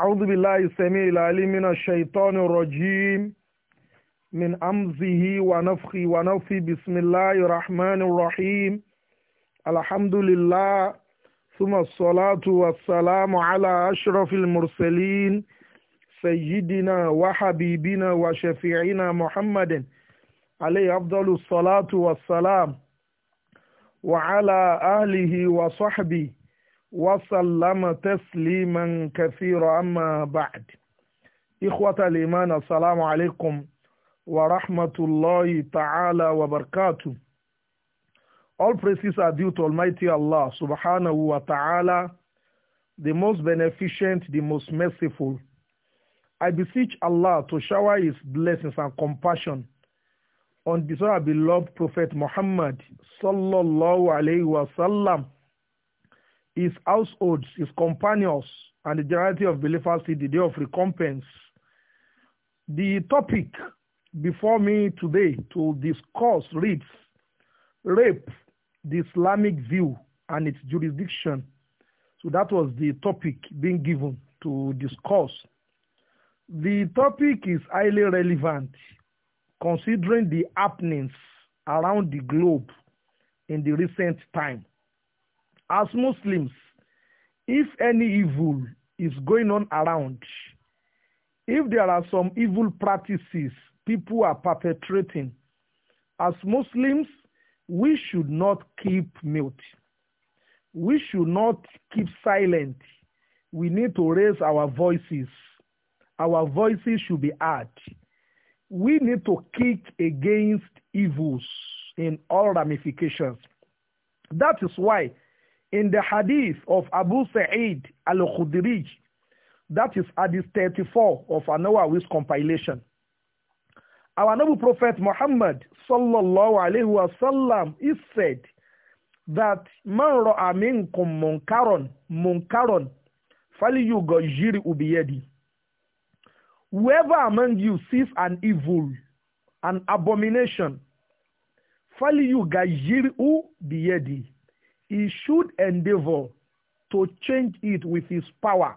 أعوذ بالله السميع العليم من الشيطان الرجيم من أمزه ونفخه ونفخه بسم الله الرحمن الرحيم الحمد لله ثم الصلاة والسلام على أشرف المرسلين سيدنا وحبيبنا وشفيعنا محمد عليه أفضل الصلاة والسلام وعلى أهله وصحبه وسلم تسليما كثيرا أما بعد إخوة الإيمان السلام عليكم ورحمة الله تعالى وبركاته All praises are due to Almighty Allah subhanahu wa ta'ala, the most beneficent, the most merciful. I beseech Allah to shower his blessings and compassion on this our beloved Prophet Muhammad sallallahu alayhi wa sallam his households, his companions, and the generality of believers see the day of recompense. The topic before me today to discuss reads Rape, the Islamic view and its jurisdiction. So that was the topic being given to discuss. The topic is highly relevant considering the happenings around the globe in the recent time. As Muslims, if any evil is going on around, if there are some evil practices people are perpetrating, as Muslims, we should not keep mute. We should not keep silent. We need to raise our voices. Our voices should be heard. We need to kick against evils in all ramifications. That is why in the hadith of Abu Sa'id al-Khudrij, that is hadith 34 of Anawawi's compilation. Our noble prophet Muhammad sallallahu alayhi wa sallam is said that man ra'a minkum munkaron munkaron falyughayyir ubiyadi. Whoever among you sees an evil, an abomination, falyughayyir ubiyadi he should endeavor to change it with his power,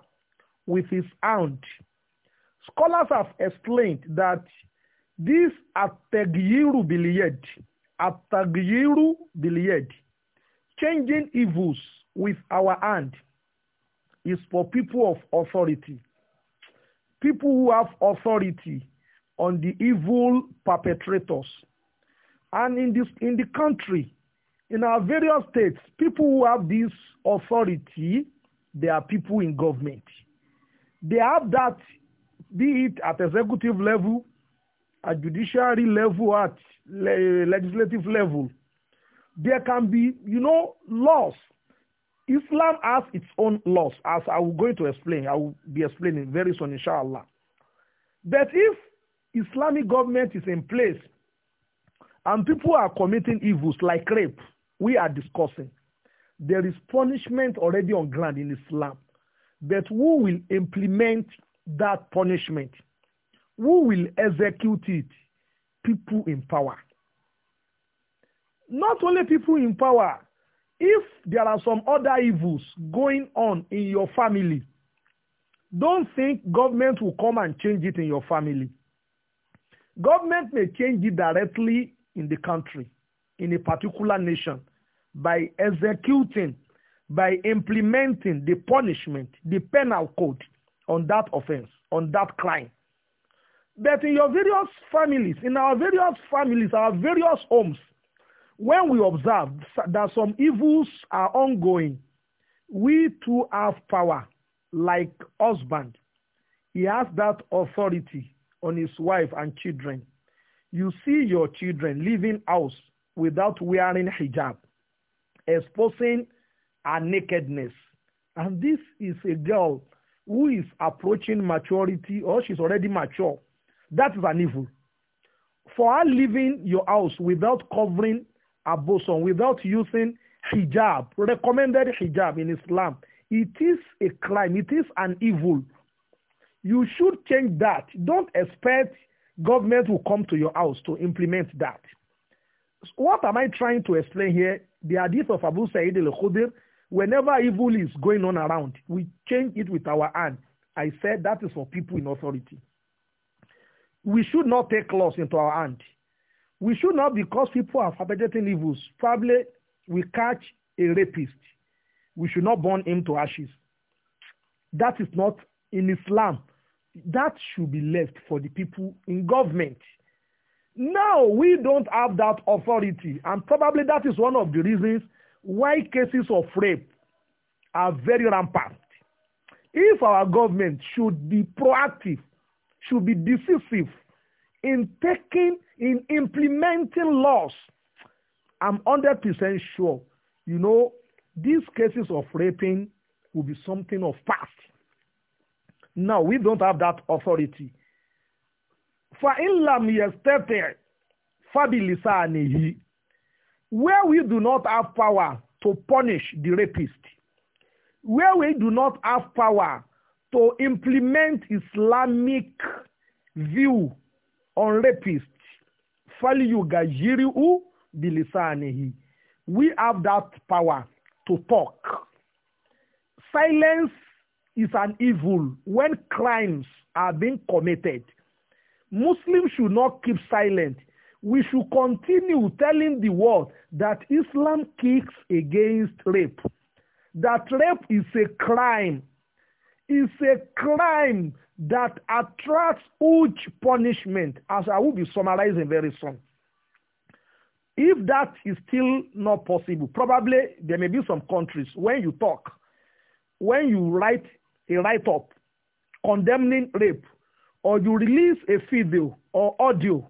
with his hand. Scholars have explained that this atagiru taghyiru atagiru yad changing evils with our hand is for people of authority. People who have authority on the evil perpetrators. And in, this, in the country, in our various states, people who have this authority, they are people in government. They have that, be it at executive level, at judiciary level, at le legislative level. There can be, you know, laws. Islam has its own laws, as I will going to explain. I will be explaining very soon, inshallah. But if Islamic government is in place and people are committing evils like rape, we are discussing, there is punishment already on ground in Islam. But who will implement that punishment? Who will execute it? People in power. Not only people in power. If there are some other evils going on in your family, don't think government will come and change it in your family. Government may change it directly in the country, in a particular nation. by executing, by implementing the punishment, the penal code on that offense, on that crime. But in your various families, in our various families, our various homes, when we observe that some evils are ongoing, we too have power, like husband. He has that authority on his wife and children. You see your children leaving house without wearing hijab exposing her nakedness. And this is a girl who is approaching maturity or she's already mature. That is an evil. For her leaving your house without covering a bosom, without using hijab, recommended hijab in Islam, it is a crime. It is an evil. You should change that. Don't expect government will come to your house to implement that what am I trying to explain here? The hadith of Abu Sa'id al-Khudr, whenever evil is going on around, we change it with our hand. I said that is for people in authority. We should not take laws into our hand. We should not, because people are perpetrating evils, probably we catch a rapist. We should not burn him to ashes. That is not in Islam. That should be left for the people in government. Now, we don't have that authority, and probably that is one of the reasons why cases of rape are very rampant. If our government should be proactive, should be decisive in taking, in implementing laws, I'm 100% sure, you know, these cases of raping will be something of past. Now, we don't have that authority fa ilam yestete fabilisanihi where we do not have power to punish the rapist where we do not have power to implement Islamic view on rapists faliyugajirihu bilisanihi we have that power to talk silence is an evil when crimes are being committed Muslims should not keep silent. We should continue telling the world that Islam kicks against rape. That rape is a crime. It's a crime that attracts huge punishment, as I will be summarizing very soon. If that is still not possible, probably there may be some countries when you talk, when you write a write-up condemning rape, or you release a video or audio,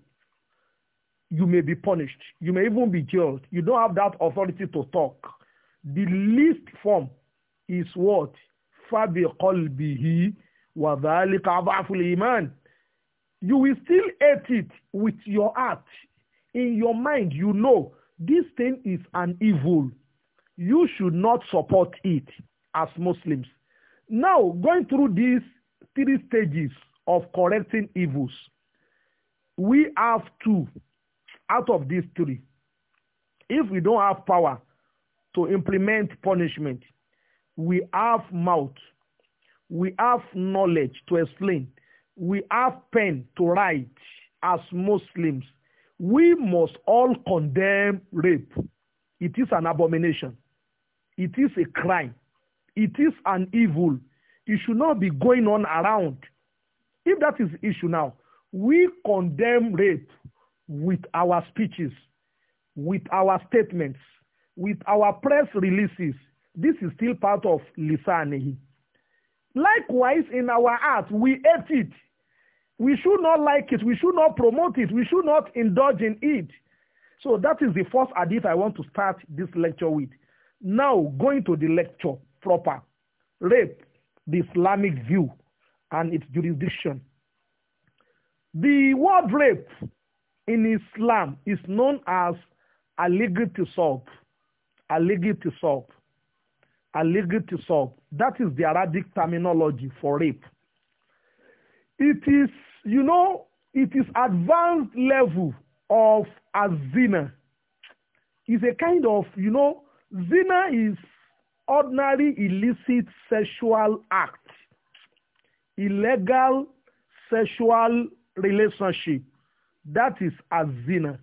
you may be punished. You may even be jailed. You don't have that authority to talk. The least form is what? Fabi qalbihi wa dhalika abaful iman. You will still hate it with your heart. In your mind, you know this thing is an evil. You should not support it as Muslims. Now, going through these three stages of correcting evils. We have two out of these three. If we don't have power to implement punishment, we have mouth, we have knowledge to explain, we have pen to write as Muslims. We must all condemn rape. It is an abomination. It is a crime. It is an evil. It should not be going on around If that is the issue now, we condemn rape with our speeches, with our statements, with our press releases. This is still part of lisanehi. Likewise, in our heart, we hate it. We should not like it. We should not promote it. We should not indulge in it. So that is the first hadith I want to start this lecture with. Now, going to the lecture proper. Rape, the Islamic view and its jurisdiction. The word rape in Islam is known as alleged tisab. Alleged tisab. Alleged tisab. That is the Arabic terminology for rape. It is, you know, it is advanced level of a zina. It's a kind of, you know, zina is ordinary illicit sexual act illegal sexual relationship. That is azina.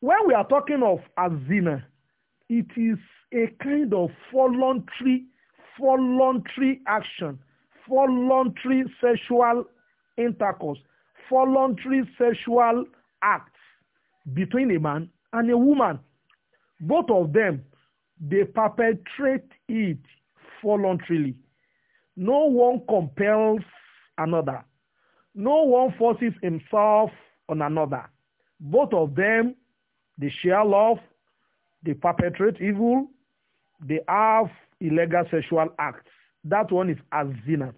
When we are talking of azina, it is a kind of voluntary, voluntary action, voluntary sexual intercourse, voluntary sexual acts between a man and a woman. Both of them, they perpetrate it voluntarily. No one compels another. No one forces himself on another. Both of them, they share love, they perpetrate evil, they have illegal sexual acts. That one is azina.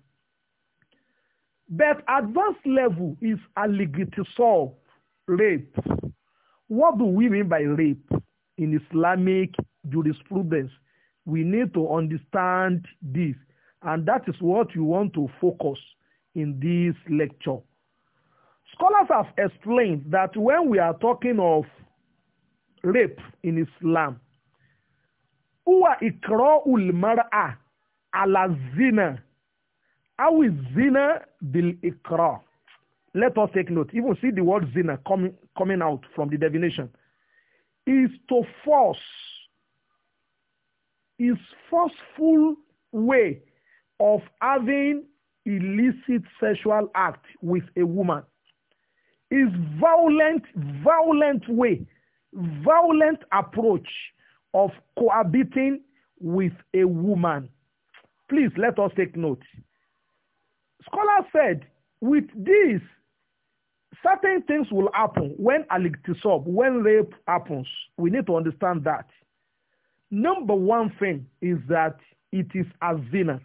But advanced level is aligitisol, rape. What do we mean by rape in Islamic jurisprudence? We need to understand this. And that is what you want to focus in this lecture. Scholars have explained that when we are talking of rape in Islam, huwa ikra'ul mar'a ala zina zina bil ikra. Let us take note. Even see the word zina coming coming out from the definition. Is to force. Is forceful way of having illicit sexual act with a woman is violent, violent way, violent approach of cohabiting with a woman. Please let us take note. Scholar said, with this, certain things will happen when alictisop, when rape happens. We need to understand that. Number one thing is that it is a zina.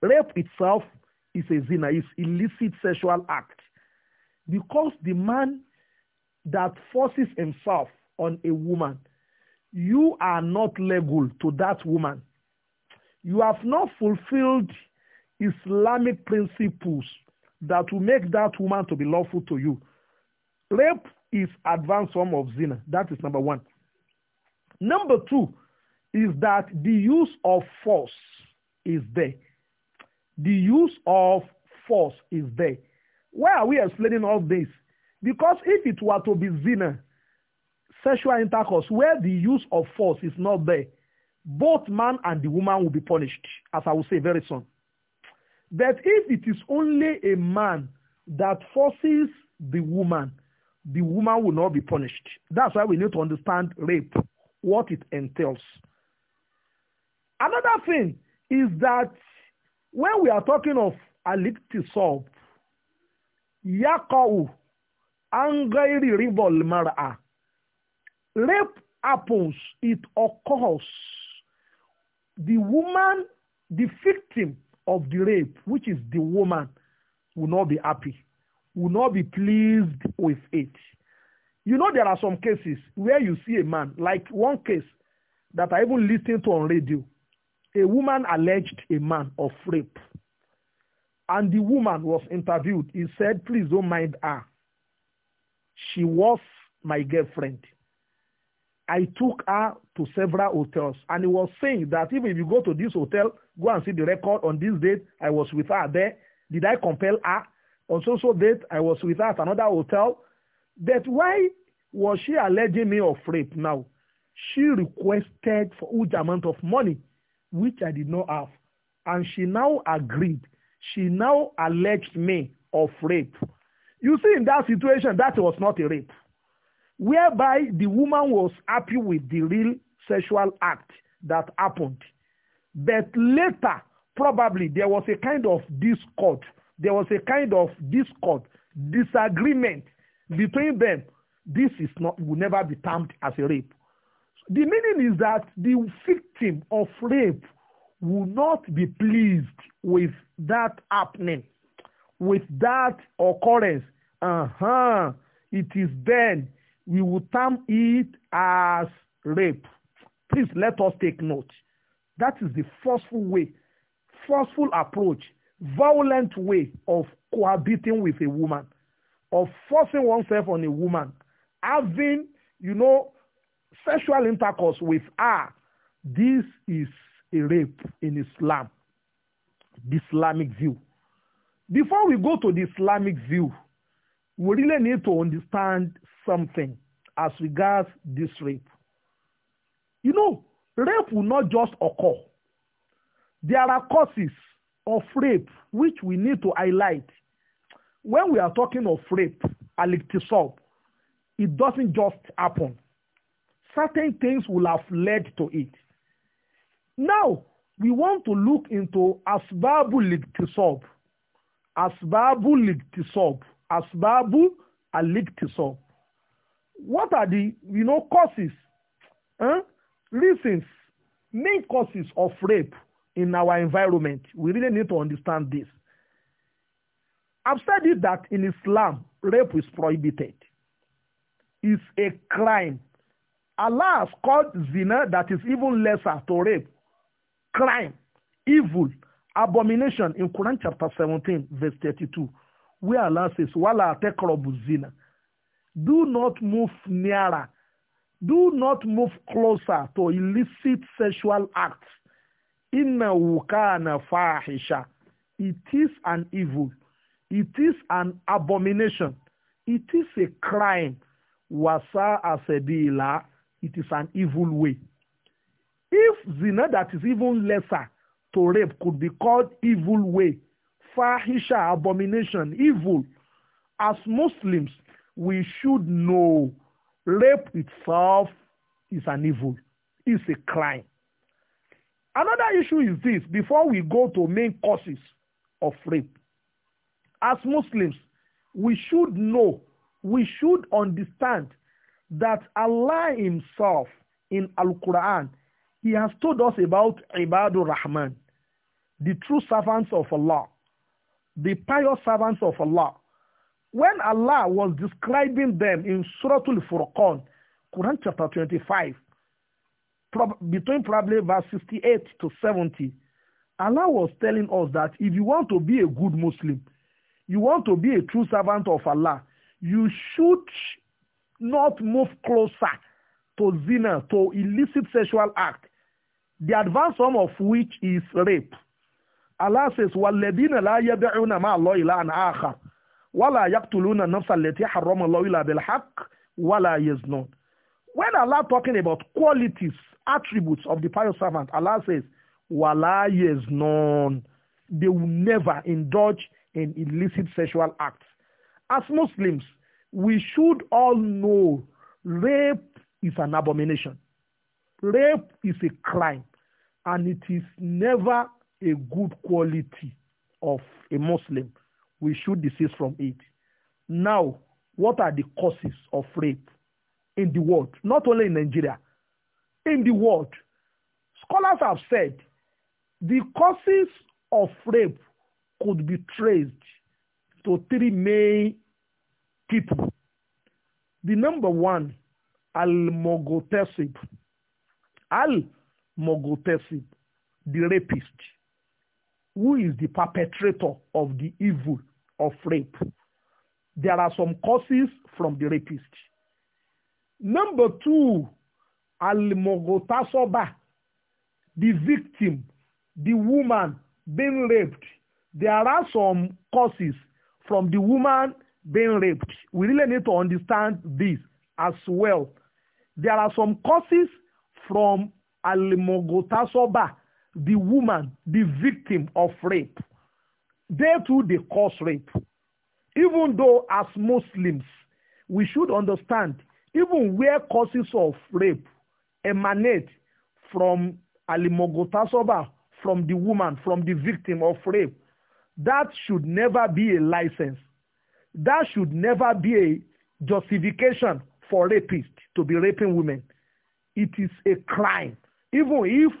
Rape itself is a zina, is illicit sexual act. Because the man that forces himself on a woman, you are not legal to that woman. You have not fulfilled Islamic principles that will make that woman to be lawful to you. Rape is advanced form of zina. That is number one. Number two is that the use of force is there. The use of force is there. Why are we explaining all this? Because if it were to be zina, sexual intercourse, where the use of force is not there, both man and the woman will be punished, as I will say very soon. But if it is only a man that forces the woman, the woman will not be punished. That's why we need to understand rape, what it entails. Another thing is that when we are talking of aliktisop yakau angry rival mara rape happens it occurs the woman the victim of the rape which is the woman will not be happy will not be pleased with it you know there are some cases where you see a man like one case that I even listened to on radio a woman alleged a man of rape. And the woman was interviewed. He said, please don't mind her. She was my girlfriend. I took her to several hotels. And he was saying that even if you go to this hotel, go and see the record on this date, I was with her there. Did I compel her? On so-so date, I was with her at another hotel. That why was she alleging me of rape now? She requested for huge amount of money which I did not have. And she now agreed. She now alleged me of rape. You see, in that situation, that was not a rape. Whereby the woman was happy with the real sexual act that happened. But later, probably, there was a kind of discord. There was a kind of discord, disagreement between them. This is not, will never be termed as a rape. The meaning is that the victim of rape will not be pleased with that happening, with that occurrence. Uh-huh. It is then we will term it as rape. Please let us take note. That is the forceful way, forceful approach, violent way of cohabiting with a woman, of forcing oneself on a woman, having, you know, sexual intercourse with her this is a rape in Islam the Islamic view before we go to the Islamic view we really need to understand something as regards this rape you know rape will not just occur there are causes of rape which we need to highlight when we are talking of rape aliktisol it doesn't just happen certain things will have led to it. Now, we want to look into asbabul iktisab. Asbabul iktisab. Asbabu al-iktisab. What are the, you know, causes, huh? reasons, main causes of rape in our environment? We really need to understand this. I've said it that in Islam, rape is prohibited. It's a crime Allah has called zina that is even lesser to rape, crime, evil, abomination in Quran chapter 17, verse 32, where Allah says, Wala tekrobu zina. Do not move nearer. Do not move closer to illicit sexual acts. Inna wukana fahisha. It is an evil. It is an abomination. It is a crime. Wasa asabila it is an evil way. If zina that is even lesser to rape could be called evil way, fahisha, abomination, evil, as Muslims, we should know rape itself is an evil, is a crime. Another issue is this, before we go to main causes of rape, as Muslims, we should know, we should understand that Allah himself in Al-Quran, he has told us about Ibadur Rahman, the true servants of Allah, the pious servants of Allah. When Allah was describing them in Surah Al-Furqan, Quran chapter 25, between probably verse 68 to 70, Allah was telling us that if you want to be a good Muslim, you want to be a true servant of Allah, you should not move closer to zina, to illicit sexual act, the advanced form of which is rape. Allah says, وَالَّذِينَ لَا يَدْعُونَ مَا اللَّهِ إِلَٰهًا آخَرَ وَلَا يَقْتُلُونَ النَّفْسَ الَّتِي حَرَّمَ اللَّهُ إِلَّا بِالْحَقِّ وَلَا يَزْنُونَ When Allah talking about qualities, attributes of the pious servant, Allah says, وَلَا يَزْنُونَ They will never indulge in illicit sexual acts. As Muslims, we should all know rape is an abomination. Rape is a crime and it is never a good quality of a Muslim. We should desist from it. Now, what are the causes of rape in the world? Not only in Nigeria, in the world. Scholars have said the causes of rape could be traced to three main people. The number one, Al-Mogotesib. Al-Mogotesib, the rapist, who is the perpetrator of the evil of rape. There are some causes from the rapist. Number two, Al-Mogotasoba, the victim, the woman being raped. There are some causes from the woman being raped. We really need to understand this as well. There are some causes from Alimogotasoba, the woman, the victim of rape. there too, they cause rape. Even though as Muslims, we should understand even where causes of rape emanate from Alimogotasoba, from the woman, from the victim of rape, that should never be a license that should never be a justification for rapists to be raping women. It is a crime. Even if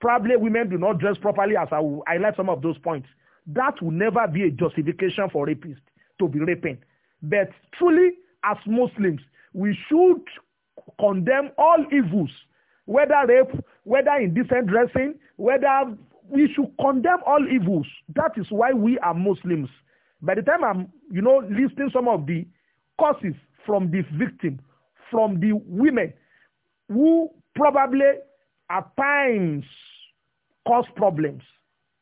probably women do not dress properly, as I will highlight some of those points, that will never be a justification for rapists to be raping. But truly, as Muslims, we should condemn all evils, whether rape, whether indecent dressing, whether we should condemn all evils. That is why we are Muslims. By the time I'm, you know, listing some of the causes from the victim, from the women who probably at times cause problems,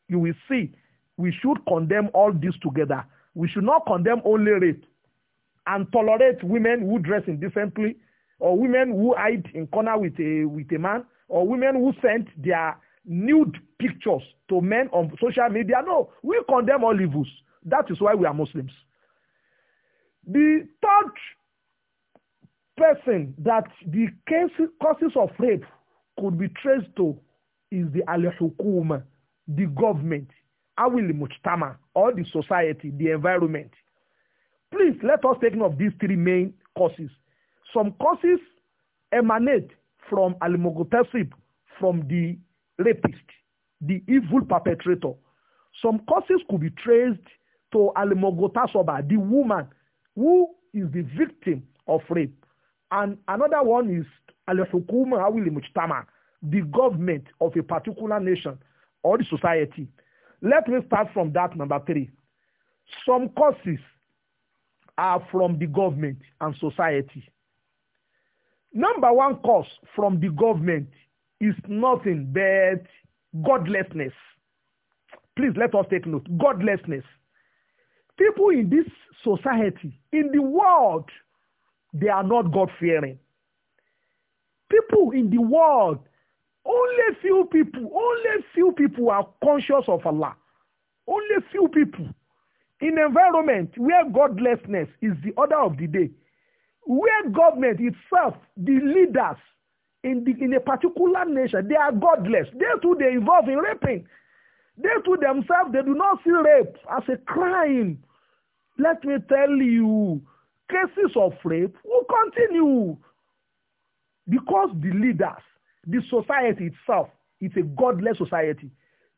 you will see we should condemn all this together. We should not condemn only rape and tolerate women who dress indecently or women who hide in corner with a, with a man or women who send their nude pictures to men on social media. No, we condemn all evils. That is why we are Muslims. The third person that the case, causes of rape could be traced to is the al-hukuma, the government, awil mujtama, or the society, the environment. Please let us take note of these three main causes. Some causes emanate from al from the rapist, the evil perpetrator. Some causes could be traced to alimogotasoba, the woman who is the victim of rape. And another one is alihukuma awili mujtama, the government of a particular nation or the society. Let me start from that number three. Some causes are from the government and society. Number one cause from the government is nothing but godlessness. Please let us take note. Godlessness people in this society, in the world, they are not God-fearing. People in the world, only few people, only few people are conscious of Allah. Only few people. In environment where godlessness is the order of the day, where government itself, the leaders in, the, in a particular nation, they are godless. They too, they involve in raping. They too themselves, they do not see rape as a crime. Let me tell you, cases of rape will continue because the leaders, the society itself, is a godless society.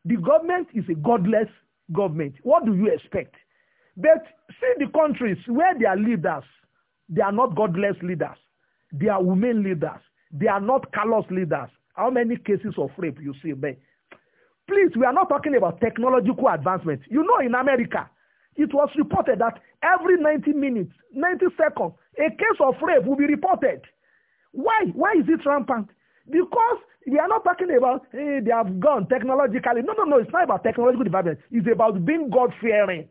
The government is a godless government. What do you expect? But see the countries where their leaders, they are not godless leaders. They are women leaders. They are not callous leaders. How many cases of rape you see there? Please, we are not talking about technological advancement. You know, in America, it was reported that every 90 minutes, 90 seconds, a case of rape will be reported. Why? Why is it rampant? Because we are not talking about, hey, eh, they have gone technologically. No, no, no, it's not about technological development. It's about being God-fearing.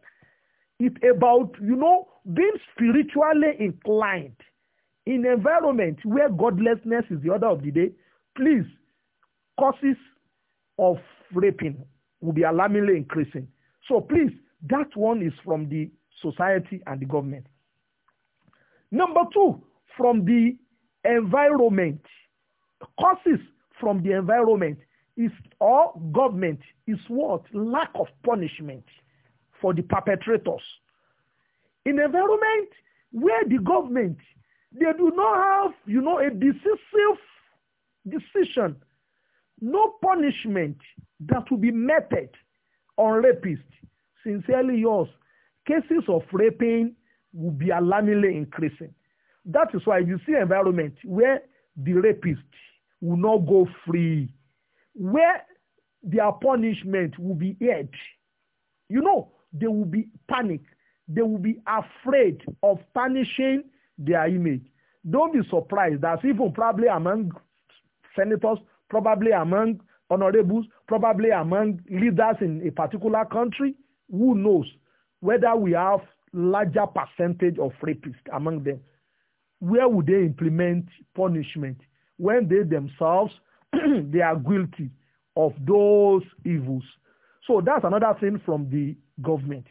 It's about, you know, being spiritually inclined in environment where godlessness is the order of the day. Please, causes of raping will be alarmingly increasing. So please, That one is from the society and the government. Number two, from the environment. Causes from the environment is or government is what? Lack of punishment for the perpetrators. In environment where the government they do not have, you know, a decisive decision, no punishment that will be meted on rapists sincerely yours cases of raping will be alarmingly increasing that is why you see environment where the rapist will not go free where their punishment will be heard you know they will be panic they will be afraid of tarnishing their image don't be surprised that even probably among senators probably among honorables probably among leaders in a particular country who knows whether we have larger percentage of rapists among them? Where would they implement punishment when they themselves they are guilty of those evils? So that's another thing from the government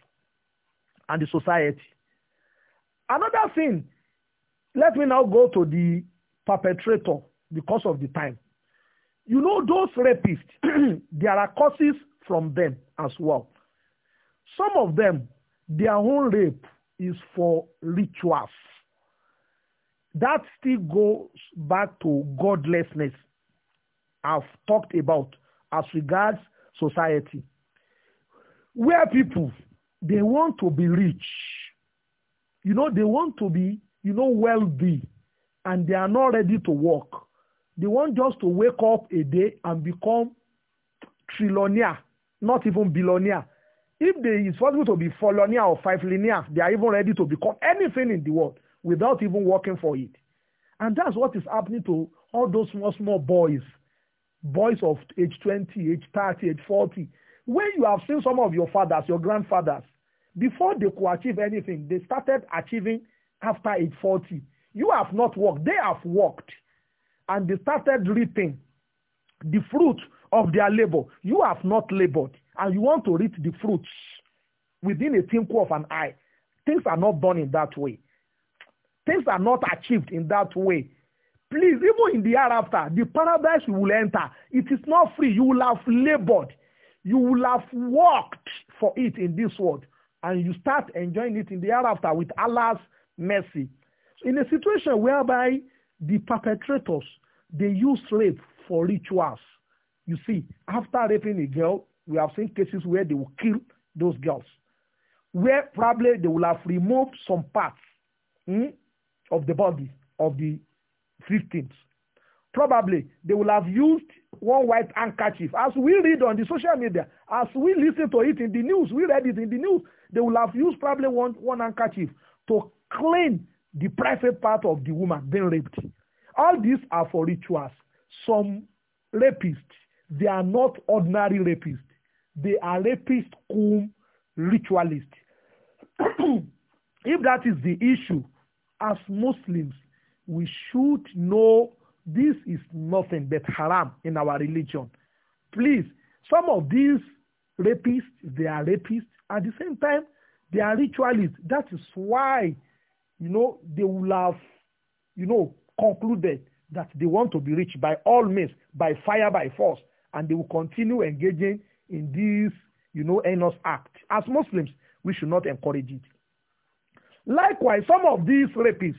and the society. Another thing, let me now go to the perpetrator because of the time. You know, those rapists, there are causes from them as well. Some of them, their own rape is for rituals. That still goes back to godlessness I've talked about as regards society. Where people, they want to be rich. You know, they want to be, you know, wealthy. And they are not ready to work. They want just to wake up a day and become trillionaire, not even billionaire. If they, it's possible to be four linear or five linear, they are even ready to become anything in the world without even working for it. And that's what is happening to all those small, small boys, boys of age 20, age 30, age 40. When you have seen some of your fathers, your grandfathers, before they could achieve anything, they started achieving after age 40. You have not worked. They have worked. And they started reaping the fruit of their labor. You have not labored and you want to reap the fruits within a twinkle of an eye, things are not done in that way. Things are not achieved in that way. Please, even in the hereafter, the paradise you will enter, it is not free. You will have labored. You will have worked for it in this world. And you start enjoying it in the hereafter with Allah's mercy. in a situation whereby the perpetrators, they use rape for rituals. You see, after raping a girl, we have seen cases where they will kill those girls, where probably they will have removed some parts hmm, of the body of the victims. Probably they will have used one white handkerchief. As we read on the social media, as we listen to it in the news, we read it in the news, they will have used probably one, one handkerchief to clean the private part of the woman being raped. All these are for rituals. Some rapists, they are not ordinary rapists. They are rapist, cum, ritualist. if that is the issue, as Muslims, we should know this is nothing but haram in our religion. Please, some of these rapists, they are rapists. At the same time, they are ritualists. That is why, you know, they will have, you know, concluded that they want to be rich by all means, by fire, by force, and they will continue engaging in this, you know, heinous act. As Muslims, we should not encourage it. Likewise, some of these rapists,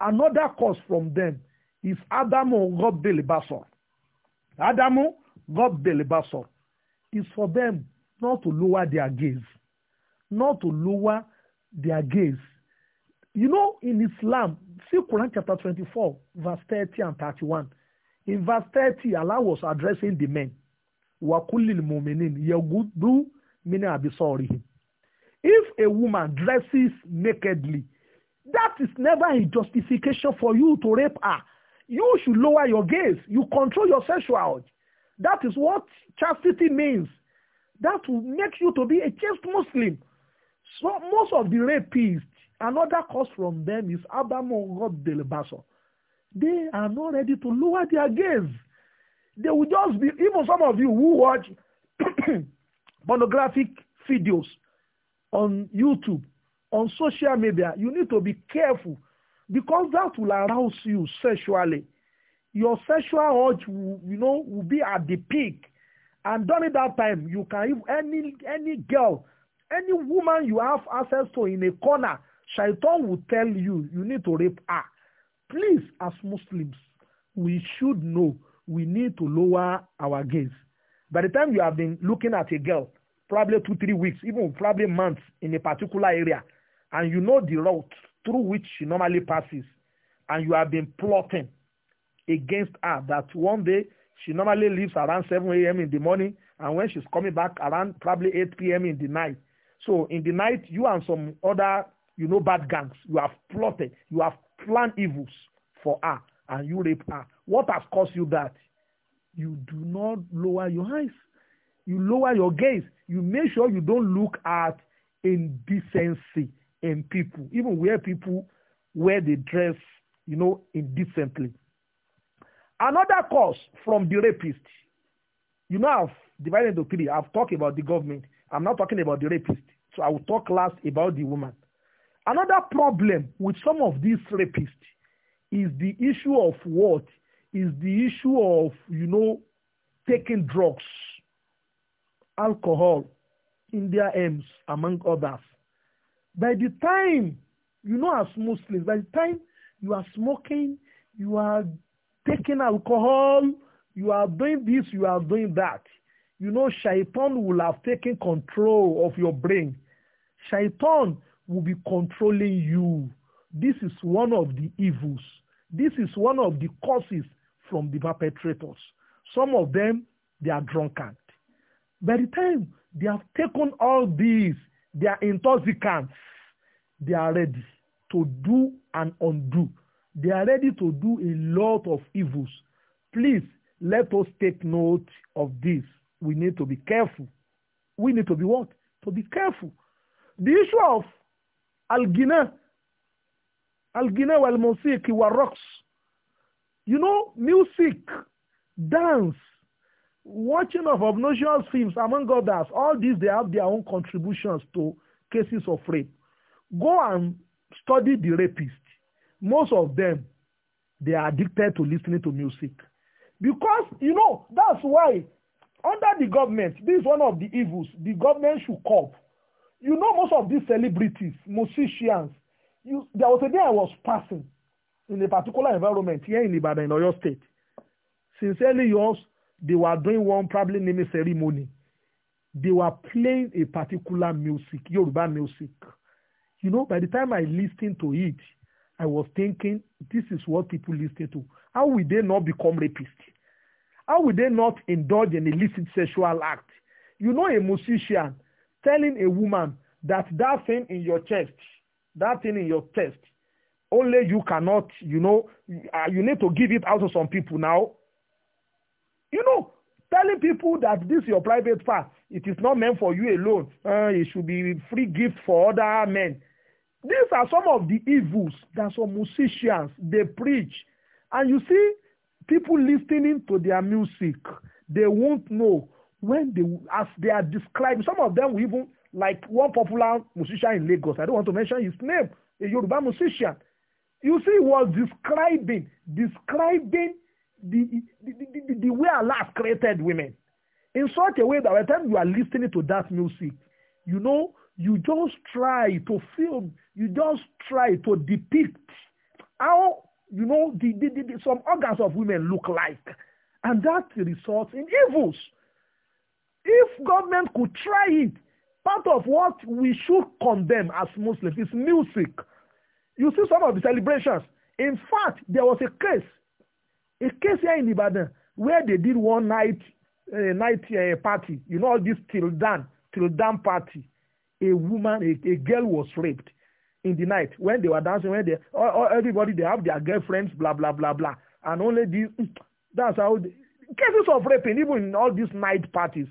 another cause from them is Adamu Gobbelibasor. Adamu Gobbelibasor is for them not to lower their gaze, not to lower their gaze. You know, in Islam, see Quran chapter 24, verse 30 and 31. In verse 30, Allah was addressing the men wakulil muminin yagudu mini abisorihi if a woman dresses nakedly that is never a justification for you to rape her you should lower your gaze you control your sexual that is what chastity means that will make you to be a chaste Muslim so most of the rapists another cause from them is abamu god delibaso they are not ready to lower their gaze They will just be, even some of you who watch pornographic videos on YouTube, on social media, you need to be careful because that will arouse you sexually. Your sexual urge, will, you know, will be at the peak. And during that time, you can, if any, any girl, any woman you have access to in a corner, Shaitan will tell you, you need to rape her. Please, as Muslims, we should know we need to lower our gaze. By the time you have been looking at a girl, probably two, three weeks, even probably months in a particular area, and you know the route through which she normally passes, and you have been plotting against her that one day she normally leaves around 7 a.m. in the morning, and when she's coming back around probably 8 p.m. in the night. So in the night, you and some other, you know, bad gangs, you have plotted, you have planned evils for her, and you rape her What has caused you that? You do not lower your eyes. You lower your gaze. You make sure you don't look at indecency in people, even where people wear the dress, you know, indecently. Another cause from the rapist. You know, I've divided into three. I've talked about the government. I'm not talking about the rapist. So I will talk last about the woman. Another problem with some of these rapists is the issue of what is the issue of, you know, taking drugs, alcohol in their aims, among others. By the time, you know, as Muslims, by the time you are smoking, you are taking alcohol, you are doing this, you are doing that. You know, shaitan will have taken control of your brain. Shaitan will be controlling you. This is one of the evils. This is one of the causes from the perpetrators. Some of them, they are drunkards. By the time they have taken all these, they are intoxicants. They are ready to do and undo. They are ready to do a lot of evils. Please, let us take note of this. We need to be careful. We need to be what? To be careful. The issue of al-gina, al-gina wal-musiqi wal rocks. You know, music, dance, watching of obnoxious films, among others, all these, they have their own contributions to cases of rape. Go and study the rapists. Most of them, they are addicted to listening to music. Because, you know, that's why under the government, this is one of the evils the government should curb. You know, most of these celebrities, musicians, you, there was a day I was passing in a particular environment here in Ibadan in Oyo State. Sincerely yours, they were doing one probably naming ceremony. They were playing a particular music, Yoruba music. You know, by the time I listened to it, I was thinking, this is what people listen to. How will they not become rapists? How will they not indulge in illicit sexual act? You know, a musician telling a woman that that thing in your chest, that thing in your chest, Only you cannot, you know, uh, you need to give it out to some people now. You know, telling people that this is your private part, it is not meant for you alone. Uh, it should be free gift for other men. These are some of the evils that some musicians, they preach. And you see, people listening to their music, they won't know when they, as they are described. Some of them will even, like one popular musician in Lagos, I don't want to mention his name, a Yoruba musician. You see, he was describing, describing the, the, the, the, way Allah has created women. In such a way that by the time you are listening to that music, you know, you just try to film, you just try to depict how, you know, the, the, the some organs of women look like. And that results in evils. If government could try it, part of what we should condemn as Muslims is music. You see some of the celebrations. In fact, there was a case, a case here in Ibadan where they did one night uh, night uh, party. You know all this till dawn, till dawn party. A woman, a, a girl was raped in the night when they were dancing. When they, all, all, everybody, they have their girlfriends, blah blah blah blah, and only this. That's how they, cases of raping, even in all these night parties.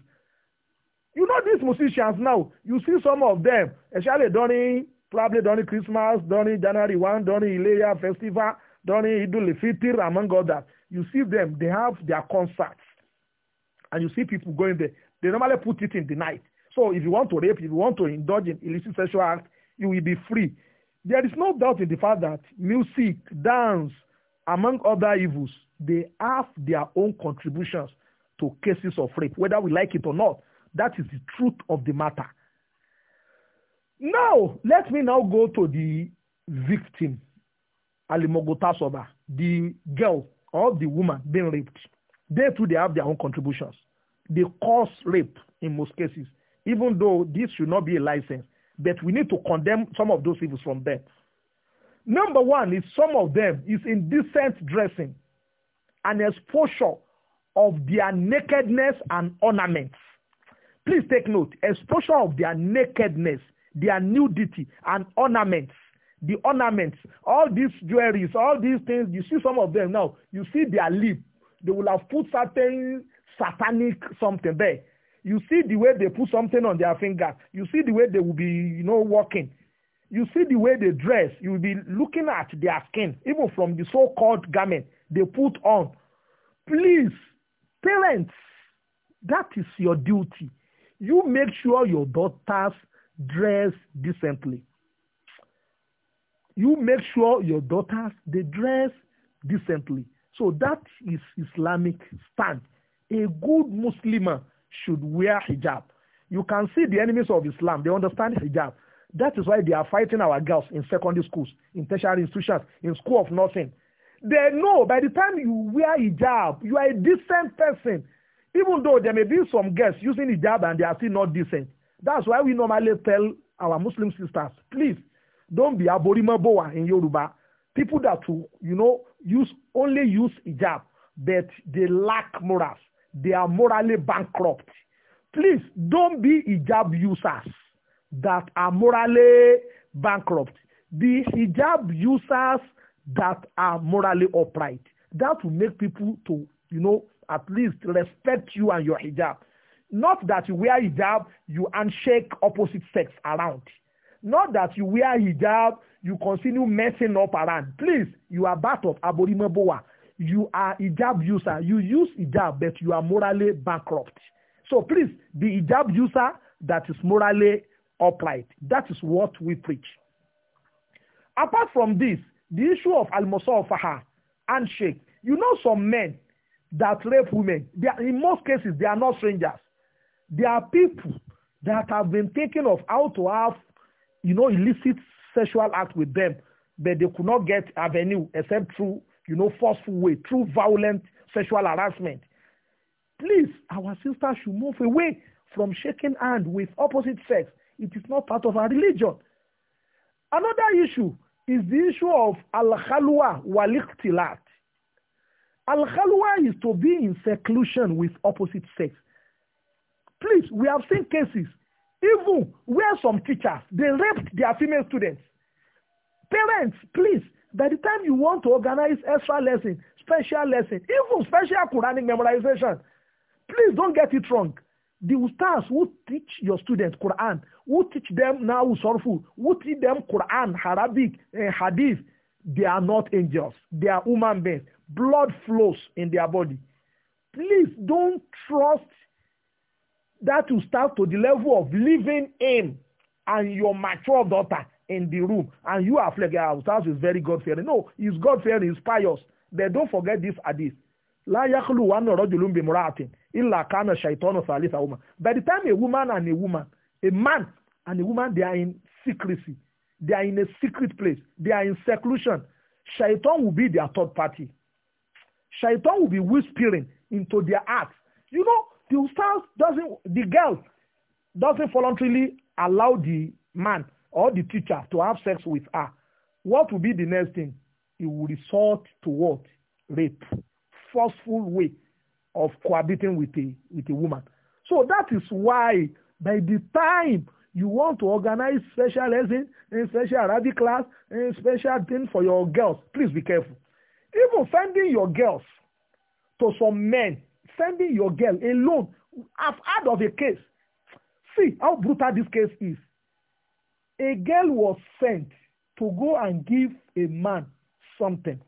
You know these musicians now. You see some of them, especially during probably during Christmas, during January 1, during Ileya festival, during Idul Fitr, among others. You see them, they have their concerts. And you see people going there. They normally put it in the night. So if you want to rape, if you want to indulge in illicit sexual act, you will be free. There is no doubt in the fact that music, dance, among other evils, they have their own contributions to cases of rape, whether we like it or not. That is the truth of the matter. Now, let me now go to the victim, Alimogota the girl or the woman being raped. They too, they have their own contributions. They cause rape in most cases, even though this should not be a license. But we need to condemn some of those evils from them. Number one is some of them is indecent dressing and exposure of their nakedness and ornaments. Please take note, exposure of their nakedness their nudity and ornaments. The ornaments, all these jewelries, all these things, you see some of them now, you see their lip. They will have put certain satanic something there. You see the way they put something on their finger. You see the way they will be, you know, walking. You see the way they dress. You will be looking at their skin, even from the so-called garment they put on. Please, parents, that is your duty. You make sure your daughters dress decently. You make sure your daughters, they dress decently. So that is Islamic stand. A good Muslim should wear hijab. You can see the enemies of Islam. They understand hijab. That is why they are fighting our girls in secondary schools, in tertiary institutions, in school of nothing. They know by the time you wear hijab, you are a decent person. Even though there may be some girls using hijab and they are still not decent that's why we normally tell our muslim sisters please don't be aborimobowa in yoruba people that you know use only use hijab but they lack morals they are morally bankrupt please don't be hijab users that are morally bankrupt be hijab users that are morally upright that will make people to you know at least respect you and your hijab Not that you wear hijab, you handshake opposite sex around. Not that you wear hijab, you continue messing up around. Please, you are part of Aborima Boa. You are hijab user. You use hijab, but you are morally bankrupt. So please, be hijab user that is morally upright. That is what we preach. Apart from this, the issue of al-musafaha, handshake. You know some men that rape women. Are, in most cases, they are not strangers. There are people that have been thinking of how to have, you know, illicit sexual act with them, but they could not get avenue except through, you know, forceful way, through violent sexual harassment. Please, our sisters should move away from shaking hand with opposite sex. It is not part of our religion. Another issue is the issue of al-khalwa wal-iqtilat. Al-khalwa is to be in seclusion with opposite sex. Please, we have seen cases, even where some teachers, they raped their female students. Parents, please, by the time you want to organize extra lesson, special lesson, even special Quranic memorization, please don't get it wrong. The ustas who teach your students Quran, who teach them Nahu Sorfu, who teach them Quran, Arabic, and eh, Hadith, they are not angels. They are human beings. Blood flows in their body. Please don't trust that will start to the level of living him and your mature daughter in the room. And you are like, our house is very God-fearing. No, he's God-fearing, he's pious. Then don't forget this hadith. La yakhlu wa rajulun bi imra'atin illa kana shaytanu thalitha woman. By the time a woman and a woman, a man and a woman, they are in secrecy. They are in a secret place. They are in seclusion. Shaitan will be their third party. Shaitan will be whispering into their hearts. You know, the spouse doesn't, the girl doesn't voluntarily allow the man or the teacher to have sex with her, what will be the next thing? It will resort to what? Rape. Forceful way of cohabiting with a, with a woman. So that is why by the time you want to organize special lesson, special Arabic class, special thing for your girls, please be careful. Even sending your girls to some men sending your girl alone. I've heard of a case. See how brutal this case is. A girl was sent to go and give a man something.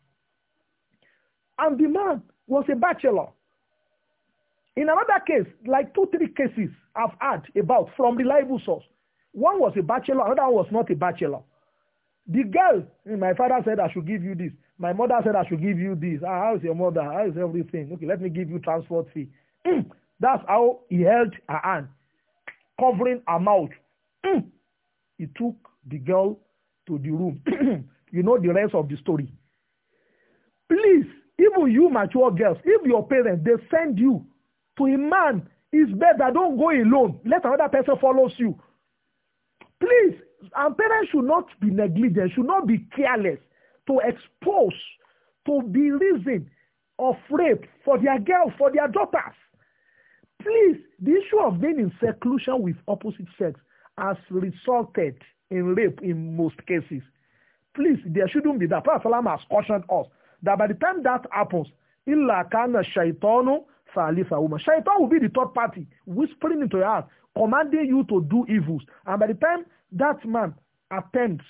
And the man was a bachelor. In another case, like two, three cases I've heard about from reliable source. One was a bachelor, another one was not a bachelor. The girl, my father said, I should give you this. My mother said I should give you this. Ah, how is your mother? How is everything? Okay, let me give you transport fee. Mm. That's how he held her hand, covering her mouth. Mm. He took the girl to the room. you know the rest of the story. Please, even you mature girls, if your parents, they send you to a man, it's better don't go alone. Let another person follows you. Please, and parents should not be negligent, should not be careless. to expose, to be reason of rape for their girls, for their daughters. Please, the issue of being in seclusion with opposite sex has resulted in rape in most cases. Please, there shouldn't be that. Prophet has cautioned us that by the time that happens, illa kana shaitanu fa'alifa woman. Shaitan will be the third party whispering into your heart, commanding you to do evils. And by the time that man attempts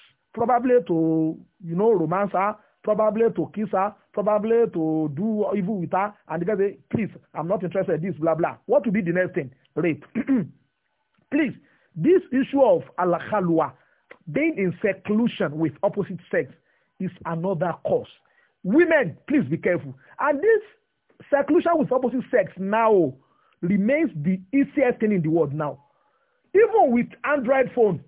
probably to you know romance her probably to kiss her probably to do evil with her and the guy say please i'm not interested in this blah blah what will be the next thing rape please this issue of alakhalwa being in seclusion with opposite sex is another cause women please be careful and this seclusion with opposite sex now remains the easiest thing in the world now even with android phone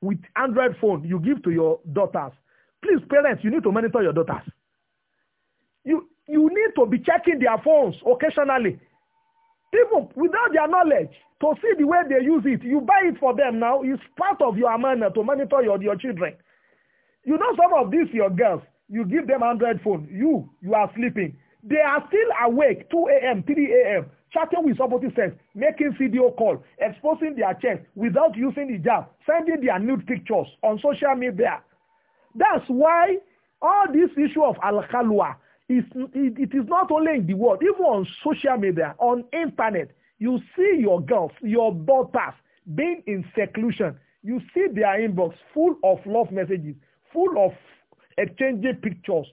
with Android phone you give to your daughters. Please, parents, you need to monitor your daughters. You, you need to be checking their phones occasionally. Even without their knowledge, to see the way they use it. You buy it for them now. It's part of your manner to monitor your, your children. You know some of these, your girls, you give them Android phone. You, you are sleeping. They are still awake, 2 a.m., 3 a.m chatting with somebody, sex, making video call, exposing their chest without using hijab, sending their nude pictures on social media. That's why all this issue of al-khalwa is it, it is not only in the world, even on social media, on internet, you see your girls, your daughters being in seclusion. You see their inbox full of love messages, full of exchanging pictures.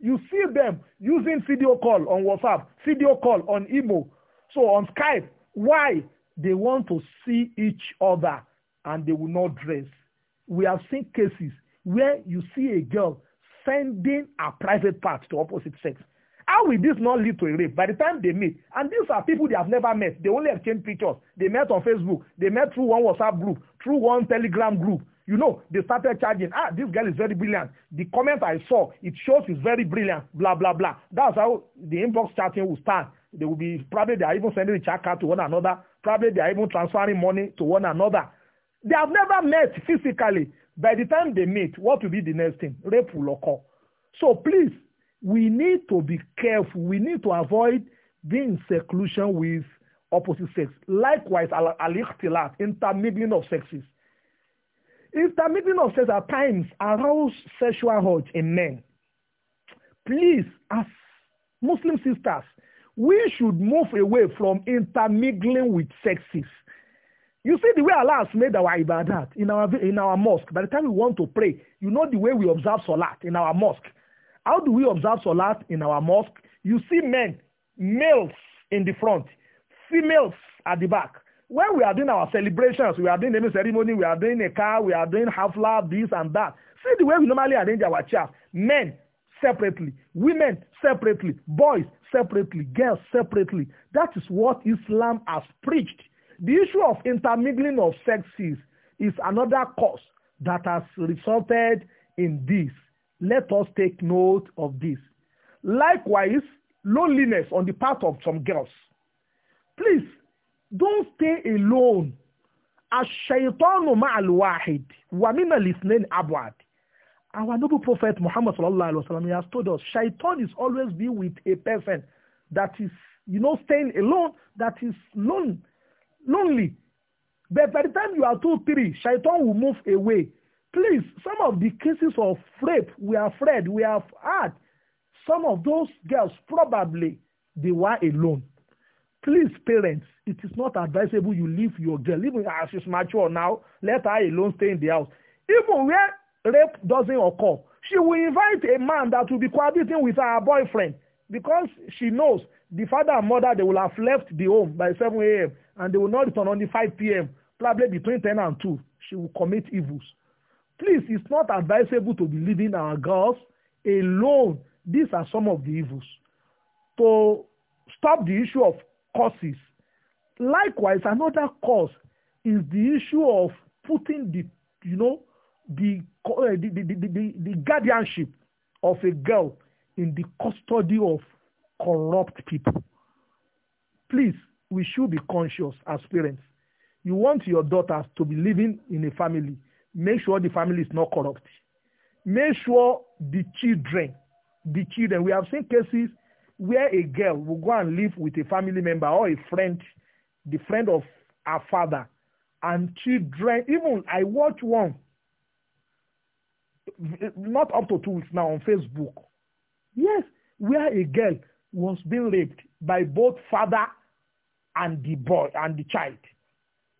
You see them using video call on WhatsApp, video call on Imo, So on Skype, why? They want to see each other and they will not dress. We have seen cases where you see a girl sending a private part to opposite sex. How will this not lead to a rape? By the time they meet, and these are people they have never met. They only exchange pictures. They met on Facebook. They met through one WhatsApp group, through one Telegram group. You know, they started charging. Ah, this girl is very brilliant. The comment I saw, it shows she's very brilliant, blah, blah, blah. That's how the inbox chatting will start. They will be probably they are even sending the chat card to one another. Probably they are even transferring money to one another. They have never met physically. By the time they meet, what will be the next thing? Rape will occur. So please, we need to be careful. We need to avoid being seclusion with opposite sex. Likewise, alikhtilat, intermingling of sexes. Intermingling of sex at times arouse sexual urge in men. Please, as Muslim sisters, we should move away from intermingling with sexes. You see the way Allah has made our ibadat in our, in our mosque. By the time we want to pray, you know the way we observe salat in our mosque. How do we observe salat in our mosque? You see men, males in the front, females at the back. When we are doing our celebrations, we are doing naming ceremony, we are doing a car, we are doing half lab, this and that. See the way we normally arrange our chairs. Men, separately, women separately, boys separately, girls separately. That is what Islam has preached. The issue of intermingling of sexes is another cause that has resulted in this. Let us take note of this. Likewise, loneliness on the part of some girls. Please, don't stay alone. الشيطان مع الواحد ومن الاثنين أبعد Our noble prophet Muhammad sallallahu alaihi wasallam has told us, shaitan is always be with a person that is, you know, staying alone, that is lone, lonely. But by the time you are two, three, shaitan will move away. Please, some of the cases of rape we are afraid we have had. Some of those girls probably they were alone. Please, parents, it is not advisable you leave your girl. Even as she's mature now, let her alone stay in the house. Even where rape doesn't occur, she will invite a man that will be cohabiting with her boyfriend because she knows the father and mother, they will have left the home by 7 a.m. and they will not return until 5 p.m., probably between 10 and 2. She will commit evils. Please, it's not advisable to be leaving our girls alone. These are some of the evils. To stop the issue of causes. Likewise, another cause is the issue of putting the, you know, the Eh, the, the, the, the guardianship of a girl in the custody of corrupt people. Please, we should be conscious as parents. You want your daughters to be living in a family. Make sure the family is not corrupt. Make sure the children, the children, we have seen cases where a girl will go and live with a family member or a friend, the friend of her father, and children. Even I watched one not up to two weeks now on Facebook. Yes, where a girl was being raped by both father and the boy and the child.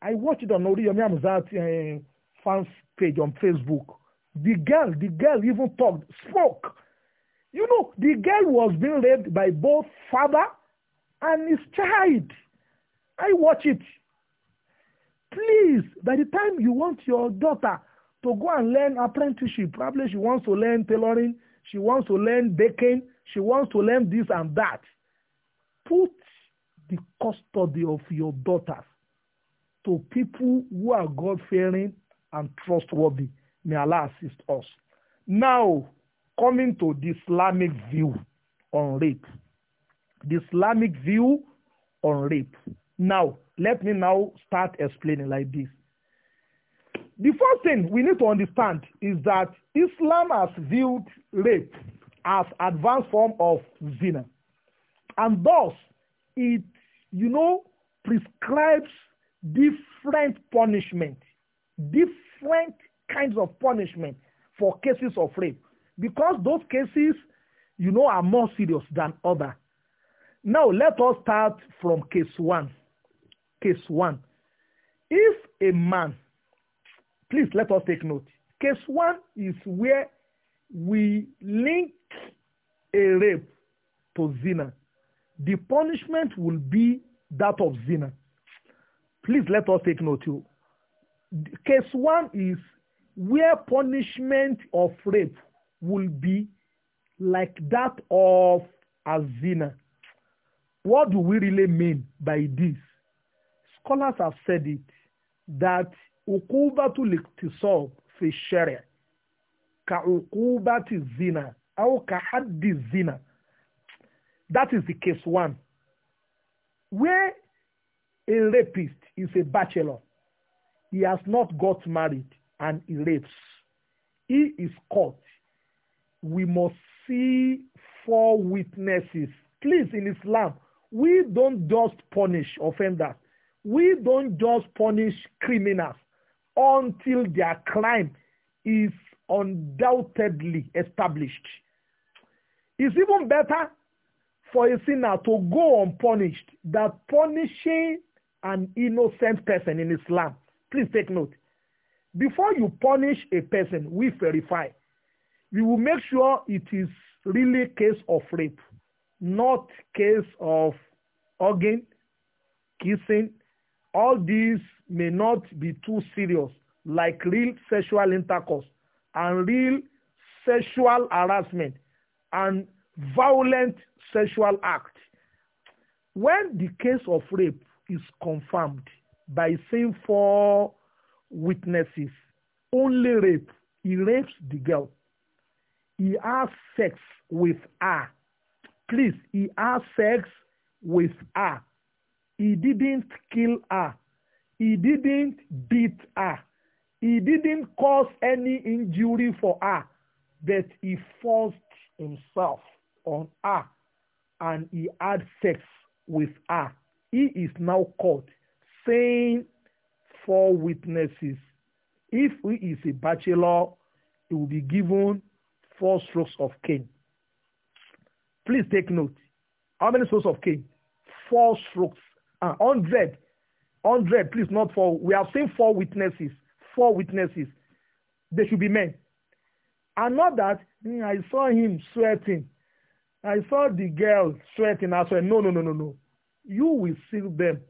I watched it on Oriyomi Amzat uh, fans page on Facebook. The girl, the girl even talked, spoke. You know, the girl was being raped by both father and his child. I watch it. Please, by the time you want your daughter to go and learn apprenticeship. Probably she wants to learn tailoring. She wants to learn baking. She wants to learn this and that. Put the custody of your daughters to people who are God-fearing and trustworthy. May Allah assist us. Now, coming to the Islamic view on rape. The Islamic view on rape. Now, let me now start explaining like this. The first thing we need to understand is that Islam has viewed rape as advanced form of zina. And thus, it, you know, prescribes different punishment, different kinds of punishment for cases of rape. Because those cases, you know, are more serious than other. Now, let us start from case one. Case one. If a man Please let us take note. Case one is where we link a rape to zina. The punishment will be that of zina. Please let us take note. Too. Case one is where punishment of rape will be like that of zina. What do we really mean by this? Scholars have said it that عقوبة الاغتصاب في الشرع كعقوبة الزنا أو كحد الزنا that is the case one where a rapist is a bachelor he has not got married and he rapes he is caught we must see four witnesses please in Islam we don't just punish offenders we don't just punish criminals until their crime is undoubtedly established. It's even better for a sinner to go unpunished than punishing an innocent person in Islam. Please take note. Before you punish a person, we verify. We will make sure it is really case of rape, not case of organ, kissing, all these may not be too serious, like real sexual intercourse and real sexual harassment and violent sexual act. When the case of rape is confirmed by seeing four witnesses, only rape, he rapes the girl. He has sex with her. Please, he has sex with her. He didn't kill her. He didn't beat her. He didn't cause any injury for her, but he forced himself on her and he had sex with her. He is now caught saying four witnesses. If he is a bachelor, he will be given four strokes of cane. Please take note. How many strokes of cane? Four strokes. 100. Ah, hundred, hundred, please, not four. We have seen four witnesses, four witnesses. They should be men. And not that hmm, I saw him sweating. I saw the girl sweating I said, No, no, no, no, no. You will see them.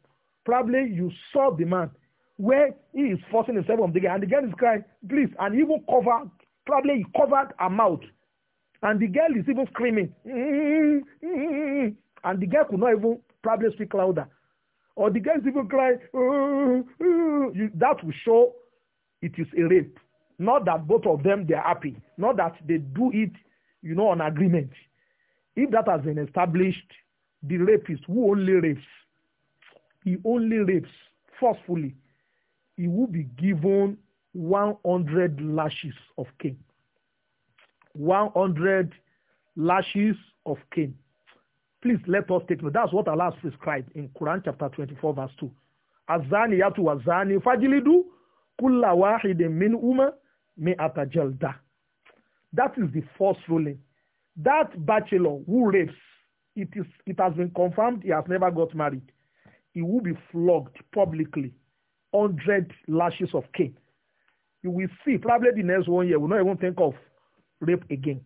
Probably you saw the man where he is forcing himself on the girl. And the girl is crying, please, and even cover. probably he covered her mouth. And the girl is even screaming. mm -hmm. And the girl could not even probably speak louder or the guys even cry, uh, uh, uh. you, that will show it is a rape. Not that both of them they are happy. Not that they do it, you know, on agreement. If that has been established, the rapist who only rapes, he only rapes forcefully, he will be given 100 lashes of cane. 100 lashes of cane. Please let us take note. That's what Allah has prescribed in Quran chapter 24, verse 2. Azani yatu azani fajilidu kulla wahidin min uma mi atajalda. That is the first ruling. That bachelor who rapes, it, is, it has been confirmed he has never got married. He will be flogged publicly, hundred lashes of cane. You will see, probably the next one year, we will not even think of rape again.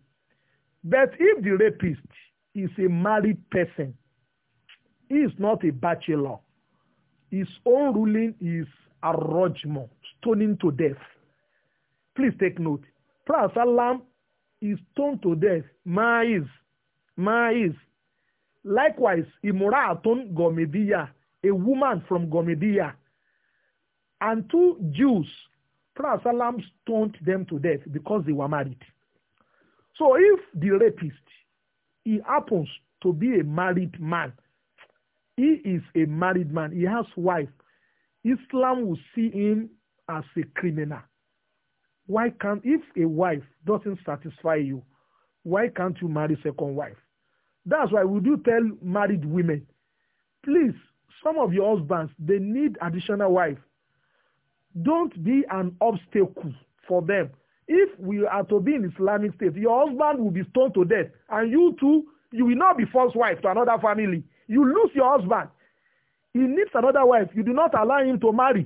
But if the rapist is a married person. He is not a bachelor. His own ruling is arrogement, stoning to death. Please take note. Prophet Salam is stoned to death. Maiz. Maiz. Likewise, Imura'atun Gomedia, a woman from Gomedia, and two Jews, Prophet Salam stoned them to death because they were married. So if the rapist He happens to be a married man. He is a married man. He has wife. Islam will see him as a criminal. Why can't, if a wife doesn't satisfy you, why can't you marry second wife? That's why we do tell married women, please, some of your husbands, they need additional wife. Don't be an obstacle for them if we are to be in Islamic state, your husband will be stoned to death. And you too, you will not be false wife to another family. You lose your husband. He needs another wife. You do not allow him to marry.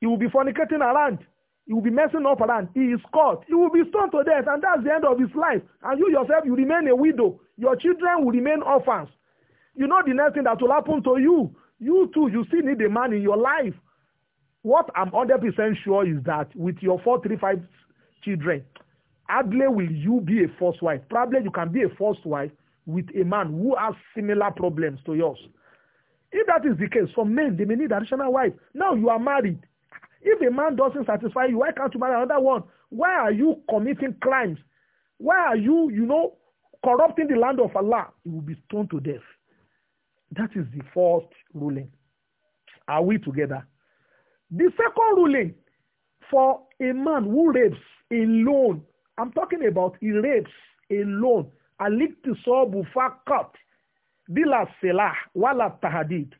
He will be fornicating around. He will be messing up around. He is caught. He will be stoned to death. And that's the end of his life. And you yourself, you remain a widow. Your children will remain orphans. You know the next thing that will happen to you. You too, you still need a man in your life. What I'm 100% sure is that with your 435 children. Hardly will you be a false wife. Probably you can be a false wife with a man who has similar problems to yours. If that is the case, for men, they may need additional wife. Now you are married. If a man doesn't satisfy you, why can't you marry another one? Why are you committing crimes? Why are you, you know, corrupting the land of Allah? You will be stoned to death. That is the first ruling. Are we together? The second ruling for a man who rapes alone. I'm talking about rapes alone. Aliktisobu fakat. Bila selah wala tahadid.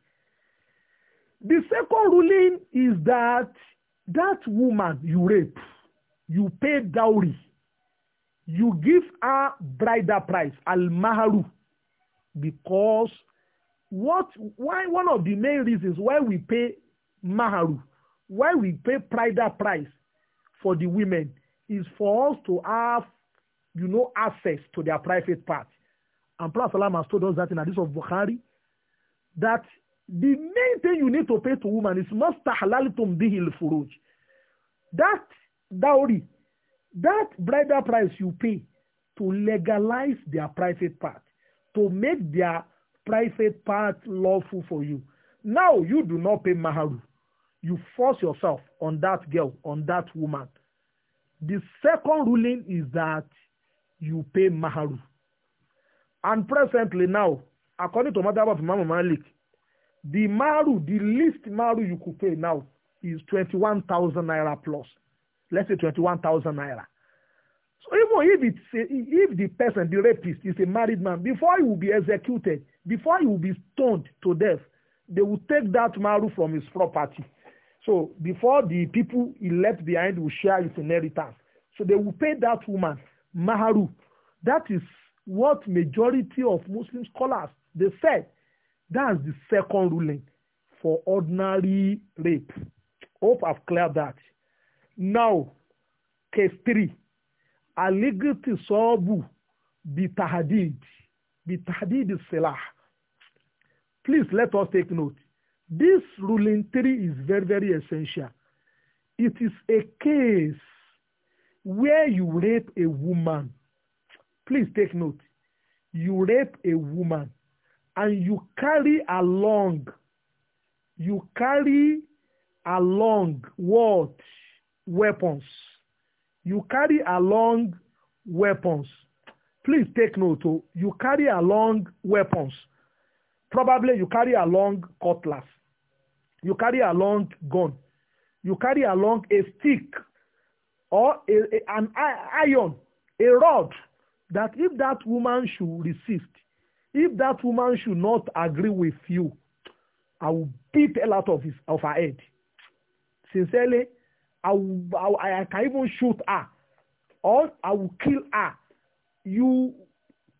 The second ruling is that that woman you rape, you pay dowry, you give her bridal price, al-maharu, because what why one of the main reasons why we pay maharu, why we pay bridal price for the women is for us to have, you know, access to their private part. And Prophet Salam has told us that in hadith of Bukhari, that the main thing you need to pay to woman is mustahlaltum bihil furuj. That dowry, that bridal price you pay to legalize their private part, to make their private part lawful for you. Now you do not pay maharu. You force yourself on that girl, on that woman The second ruling is that you pay maharu. And presently now, according to Madam of Imam Malik, the maharu, the least maharu you could pay now is 21,000 naira plus. Let's say 21,000 naira. So even if, it's a, if the person, the rapist, is a married man, before he will be executed, before he will be stoned to death, they will take that maharu from his property. So before the people he left behind will share his inheritance. So they will pay that woman maharu. That is what majority of Muslim scholars they said. That's the second ruling for ordinary rape. Hope I've cleared that. Now, case three. Allegati sobu bitahdid. Bitahadid is salah. Please let us take note. This ruling three is very, very essential. It is a case where you rape a woman. Please take note. You rape a woman and you carry along, you carry along what? Weapons. You carry along weapons. Please take note. Oh, you carry along weapons. Probably you carry along cutlass. you carry along gun you carry along a stick or a, a, an iron a rod that if that woman should resist if that woman should not agree with you I will beat a lot of his of her head sincerely I will, I, I can even shoot her or I will kill her you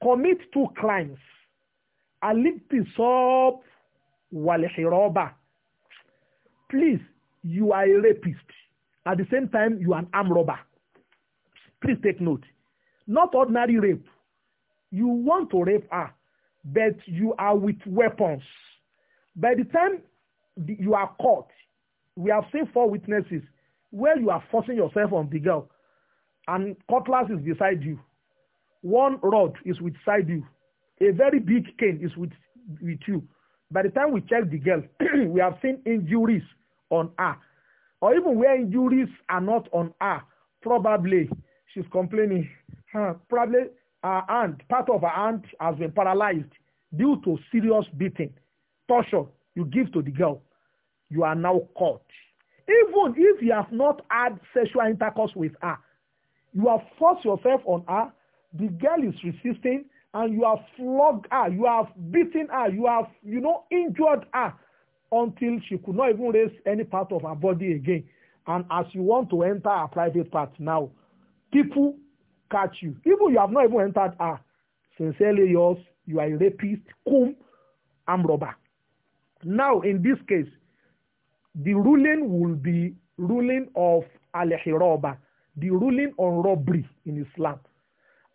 commit two crimes alipisop walihiroba please you are a rapist at the same time you are an armed robber please take note not ordinary rape you want to rape her but you are with weapons by the time you are caught we have seen four witnesses where you are forcing yourself on the girl and cutlass is beside you one rod is beside you a very big cane is with with you by the time we check the girl we have seen injuries on her. Or even where injuries are not on her, probably she's complaining. Huh, probably her aunt, part of her aunt, has been paralyzed due to serious beating, torture you give to the girl. You are now caught. Even if you have not had sexual intercourse with her, you have forced yourself on her, the girl is resisting, and you have flogged her, you have beaten her, you have, you know, injured her until she could not even raise any part of her body again. And as you want to enter her private part now, people catch you. Even you have not even entered her. Sincerely yours, you are a rapist, cum, and robber. Now, in this case, the ruling will be ruling of al-hiraba, the ruling on robbery in Islam.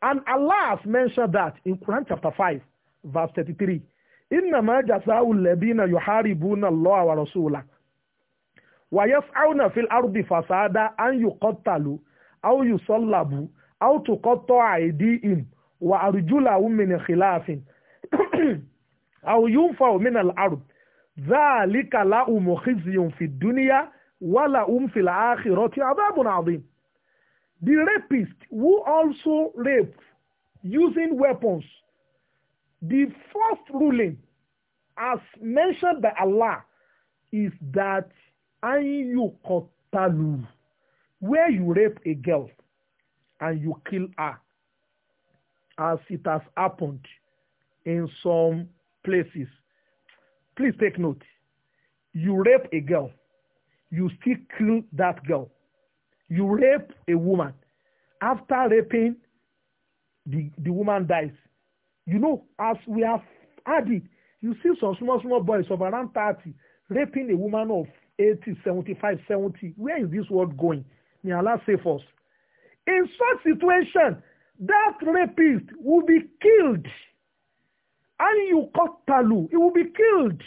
And Allah has mentioned that in Quran chapter 5, verse 33 innama jasa'u alladhina yuharibuna Allaha wa rasulahu wa yas'awna fil ardi fasada an yuqattalu aw yusallabu aw tuqatta'a aydihim wa arjulahum min khilafin aw yunfaw min al-ard dhalika lahum khizyun fid dunya wa lahum fil akhirati adhabun adhim the rapist who also raped using weapons The first ruling, as mentioned by Allah, is that Ayyukotalu, where you rape a girl and you kill her, as it has happened in some places. Please take note. You rape a girl, you still kill that girl. You rape a woman. After raping, the, the woman dies. You know, as we have added, you see some small, small boys of around 30 raping a woman of 80, 75, 70. Where is this world going? May Allah save us. In such situation, that rapist will be killed. And you talu, he will be killed.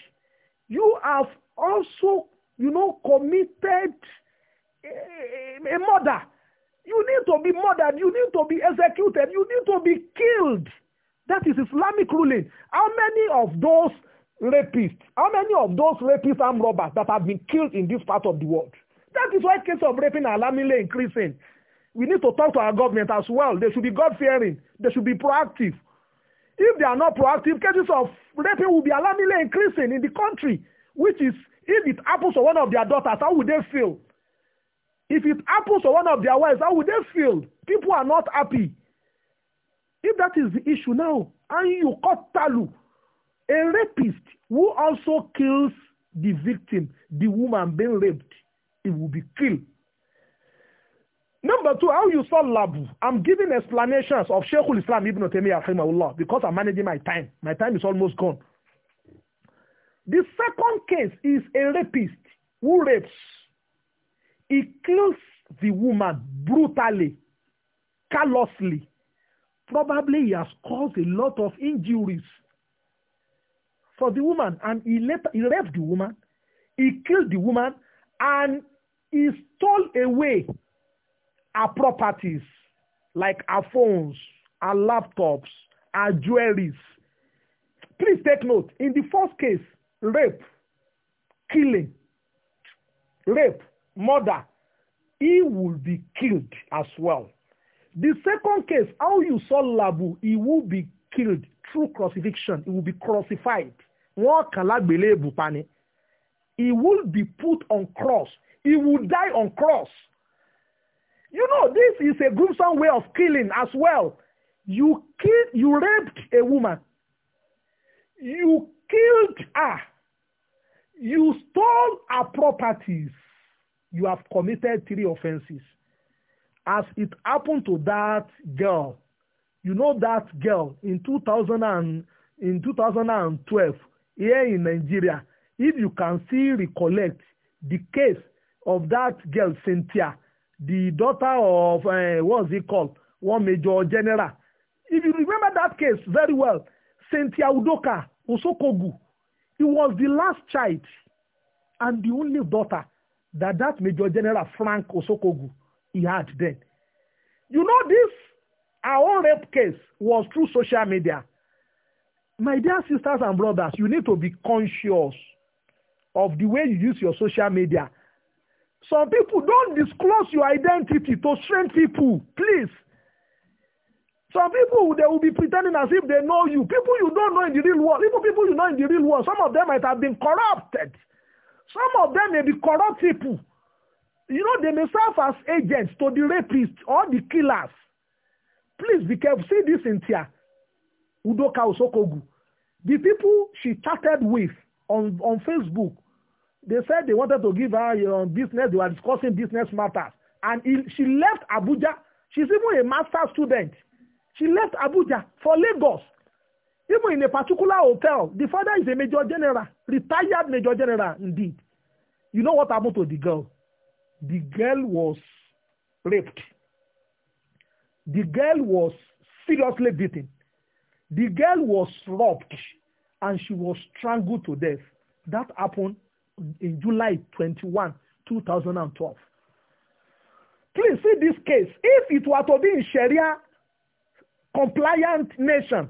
You have also, you know, committed a, a murder. You need to be murdered. You need to be executed. You need to be killed. That is Islamic ruling. How many of those rapists, how many of those rapists and robbers that have been killed in this part of the world? That is why cases of raping are alarmingly increasing. We need to talk to our government as well. They should be God-fearing. They should be proactive. If they are not proactive, cases of raping will be alarmingly increasing in the country, which is, if it happens to one of their daughters, how would they feel? If it happens to one of their wives, how would they feel? People are not happy. If that is the issue now, and you caught Talu, a rapist who also kills the victim, the woman being raped, it will be killed. Number two, how you saw Labu. I'm giving explanations of Sheikhul Islam Ibn Taymiyyah rahimahullah because I'm managing my time. My time is almost gone. The second case is a rapist who rapes. He kills the woman brutally, callously. Probably he has caused a lot of injuries for the woman and he later he raped the woman, he killed the woman and he stole away her properties like her phones, her laptops, her jewelries. Please take note, in the first case, rape, killing, rape, murder, he will be killed as well. The second case, how you saw Labu, he will be killed through crucifixion. He will be crucified. Wọ́n kàn lágbèlé èbùpá ni. He will be put on cross. He will die on cross. You know, this is a gruesome way of killing as well. You killed, you raped a woman. You killed her. You stole her properties. You have committed three offenses as it happened to that girl you know that girl in 2000 and in 2012 here in Nigeria if you can still recollect the case of that girl Cynthia the daughter of uh, eh, what's he called one major general if you remember that case very well Cynthia Udoka Osokogu he was the last child and the only daughter that that major general Frank Osokogu he had then. You know, this, our own rape case was through social media. My dear sisters and brothers, you need to be conscious of the way you use your social media. Some people don't disclose your identity to strange people, please. Some people, they will be pretending as if they know you. People you don't know in the real world. Even people you know in the real world. Some of them might have been corrupted. Some of them may be corrupt people. You know, they may serve as agents to the rapists or the killers. Please be careful. See this in Tia. Udoka Osokogu. The people she chatted with on, on Facebook, they said they wanted to give her you business. They were discussing business matters. And it, she left Abuja. She's even a master student. She left Abuja for Lagos. Even in a particular hotel, the father is a major general, retired major general indeed. You know what happened to the girl? The girl was raped. The girl was seriously beaten. The girl was robbed and she was strangled to death. That happened in July 21, 2012. Please see this case. If it were to be in Sharia compliant nation,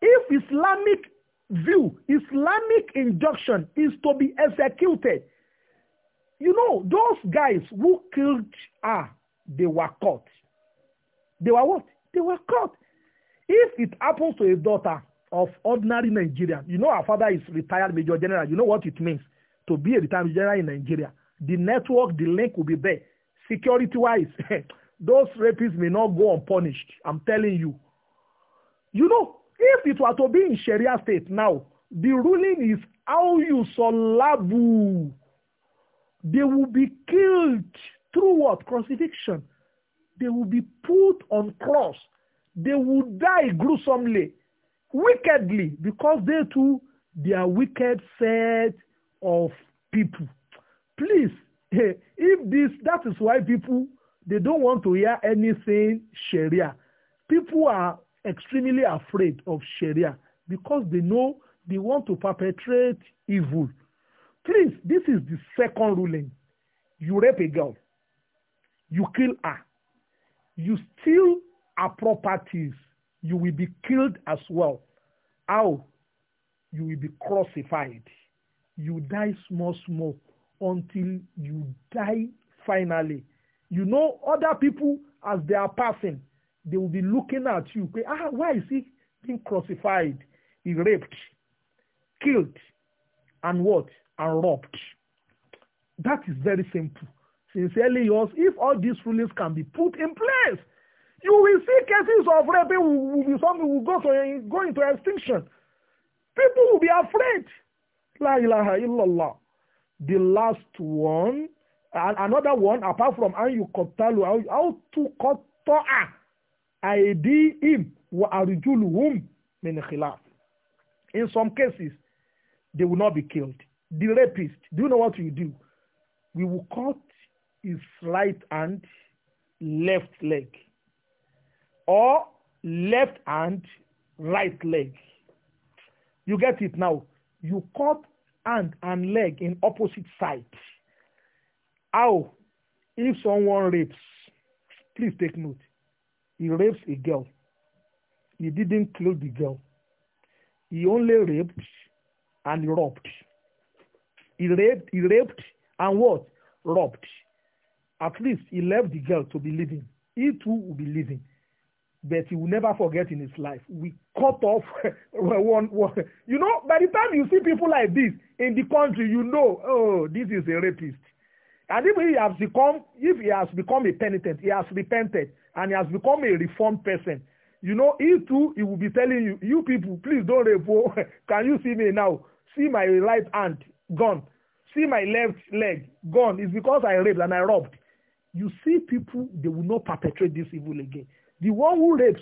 if Islamic view, Islamic injunction is to be executed You know, those guys who killed her, they were caught. They were what? They were caught. If it happens to a daughter of ordinary Nigerian, you know her father is retired Major General. You know what it means to be a retired General in Nigeria. The network, the link will be there. Security-wise, those rapists may not go unpunished. I'm telling you. You know, if it were to be in Sharia state now, the ruling is how you solabu They will be killed through what? Crucifixion. They will be put on cross. They will die gruesomely, wickedly, because they too, they are wicked set of people. Please, if this, that is why people, they don't want to hear anything Sharia. People are extremely afraid of Sharia because they know they want to perpetrate evil. Please, this is the second ruling. You rape a girl. You kill her. You steal her properties. You will be killed as well. How? You will be crucified. You die small, small until you die finally. You know, other people, as they are passing, they will be looking at you. Ah, why is he being crucified? He raped, killed, and what? and robbed. That is very simple. Sincerely yours, if all these rulings can be put in place, you will see cases of rape will, will, some will go, to, go into extinction. People will be afraid. La ilaha illallah. The last one, and another one, apart from Ayu Kotalu, how to Kotoa, Aidihim, wa Arujuluhum, min khilaf. In some cases, they will not be killed the rapist, do you know what we do? We will cut his right hand, left leg, or left hand, right leg. You get it now. You cut hand and leg in opposite sides. How? If someone rapes, please take note. He rapes a girl. He didn't kill the girl. He only raped and robbed. He raped, he raped and what? Robbed. At least he left the girl to be living. He too will be living. But he will never forget in his life. We cut off one, one. You know, by the time you see people like this in the country, you know, oh, this is a rapist. And if he has become, if he has become a penitent, he has repented, and he has become a reformed person, you know, he too, he will be telling you, you people, please don't rape. Oh, can you see me now? See my right hand gone see my left leg gone It's because I raped and I robbed. You see people, they will not perpetrate this evil again. The one who rapes